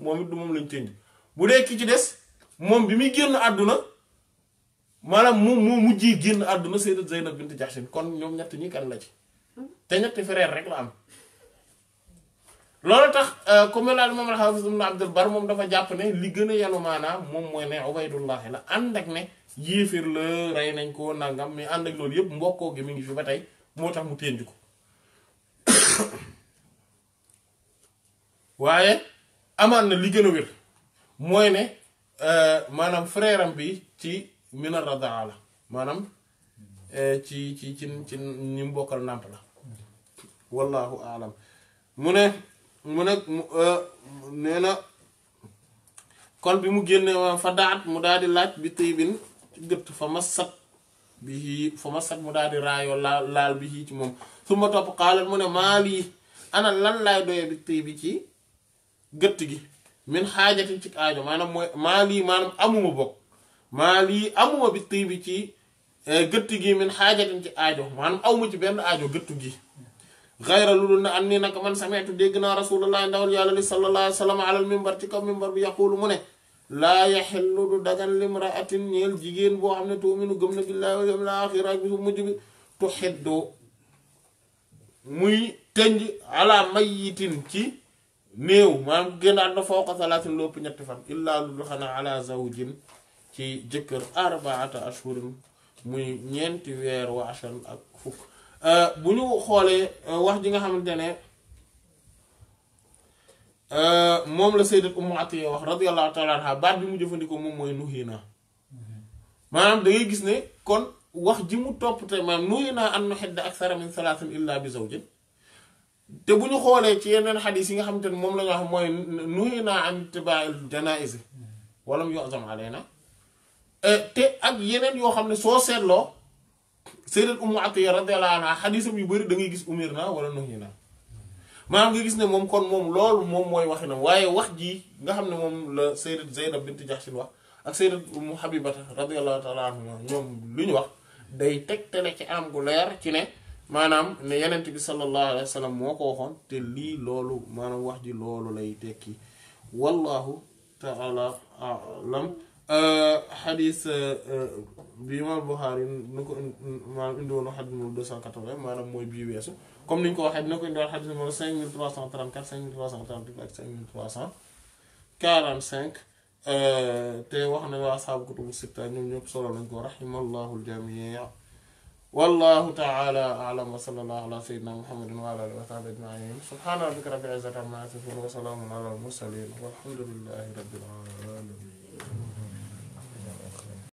moom it du moom lañ tënj bu dee ki ci des moom bi muy génn àdduna maanaam moom moo mujjee génn àdduna Sayyidat Zaynab bint Jahsh kon ñoom ñetti ñi kan la ci te ñetti frère rek la am loolu tax euh, comme la imaam al-Hafiz ibn Abdul Barr moom dafa jàpp ne li gën a yanu maanaam moom mooy ne Ubaydullahi la ànd ak ne yéeféer la rey nañ ko nangam mais ànd ak loolu yëpp mbokkoo gi ba tey moo tax mu ténj ko waaye amaan na li gën a wér mooy ne euh, maanaam freeram bi ci mina radaa la maanaam euh, ci ci ci ci ñi mu nàmp la wallahu alam mu ne mu ne euh, nee na kol bi mu génne fa daat mu daal di laaj bi tëy bin gëtt fa masat bihi fa masat mu daal di raayoo laal laal bihi ci moom su ma topp xaalat mu ne maa lii ana lan laay doye bi tey bi ci gëtt gi min xaajatin ci aajo maanaam mooy maa lii maanaam amuma bokk maa lii amuma bi tey bi ci eh, gëtt gi min xaajatin ci aajo maanaam awma ci benn aajo gëtt gi xayra lu du ne am nii nag man sameetu dégg naa rasulullah ndawal yàlla li sallallahu alayhi wa sallam alal mimbar ci kaw mimbar bi yaqulu mu ne laa yaxillu du dagan limraatin ñeel jigéen boo xam ne tuuminu gëm na billaahi wal yawmil aaxir ak bisu tu xiddu muy tënj alaa mayitin ci néew maanaam génnaat na fawqa salaatin lopp ñetti fan illaa lu xanaa alaa zawjin ci jëkkër arbaata ashhurin muy ñeenti weer wa ashan ak fukk euh, bu ñu xoolee euh, wax ji nga xamante ne mom la sayyidat Ummu Atiyya wax radiyallahu taala anha baat bi mu jeufandiko mom moy nuhina manam da ngay gis ne kon wax ji mu top te manam nuhina an nuhidda akthar min salaasin illa bi zawjin te buñu xolé ci yenen hadith yi nga xamante ne moom la ñu wax moy nuhina an ittiba'il janaiz walam yu'zam alayna te ak yenen yo xamne so setlo sayyidat Ummu Atiyya radiyallahu anha xadisam yu bëri da ngay gis umirna wala nuhina manam nga gis ne mom kon moom loolu moom mooy waxinam waye wax ji nga xamne mom moom la sayyidat Zaynab bint jahshin wax ak sayyidat Ummu Habibata radiyallahu ta'ala anhuma ñoom lu wax day tegtale ci am gu leer ci ne manam ne yenent bi sallallahu alayhi wasallam moko waxon te li loolu manam wax ji loolu lay tekki wallahu ta'ala a'lam hadith bi imaam bukhari nuko manam indi wono hadith 280 manam moy bi wessu comme niñ ko waxe dina ko indiwaat xadis numéro 5334 5338 45 euh te wax na wa sahabu kutubu sitta ñoom ñëpp solo nañ ko rahimallahu aljamii wallahu taala alam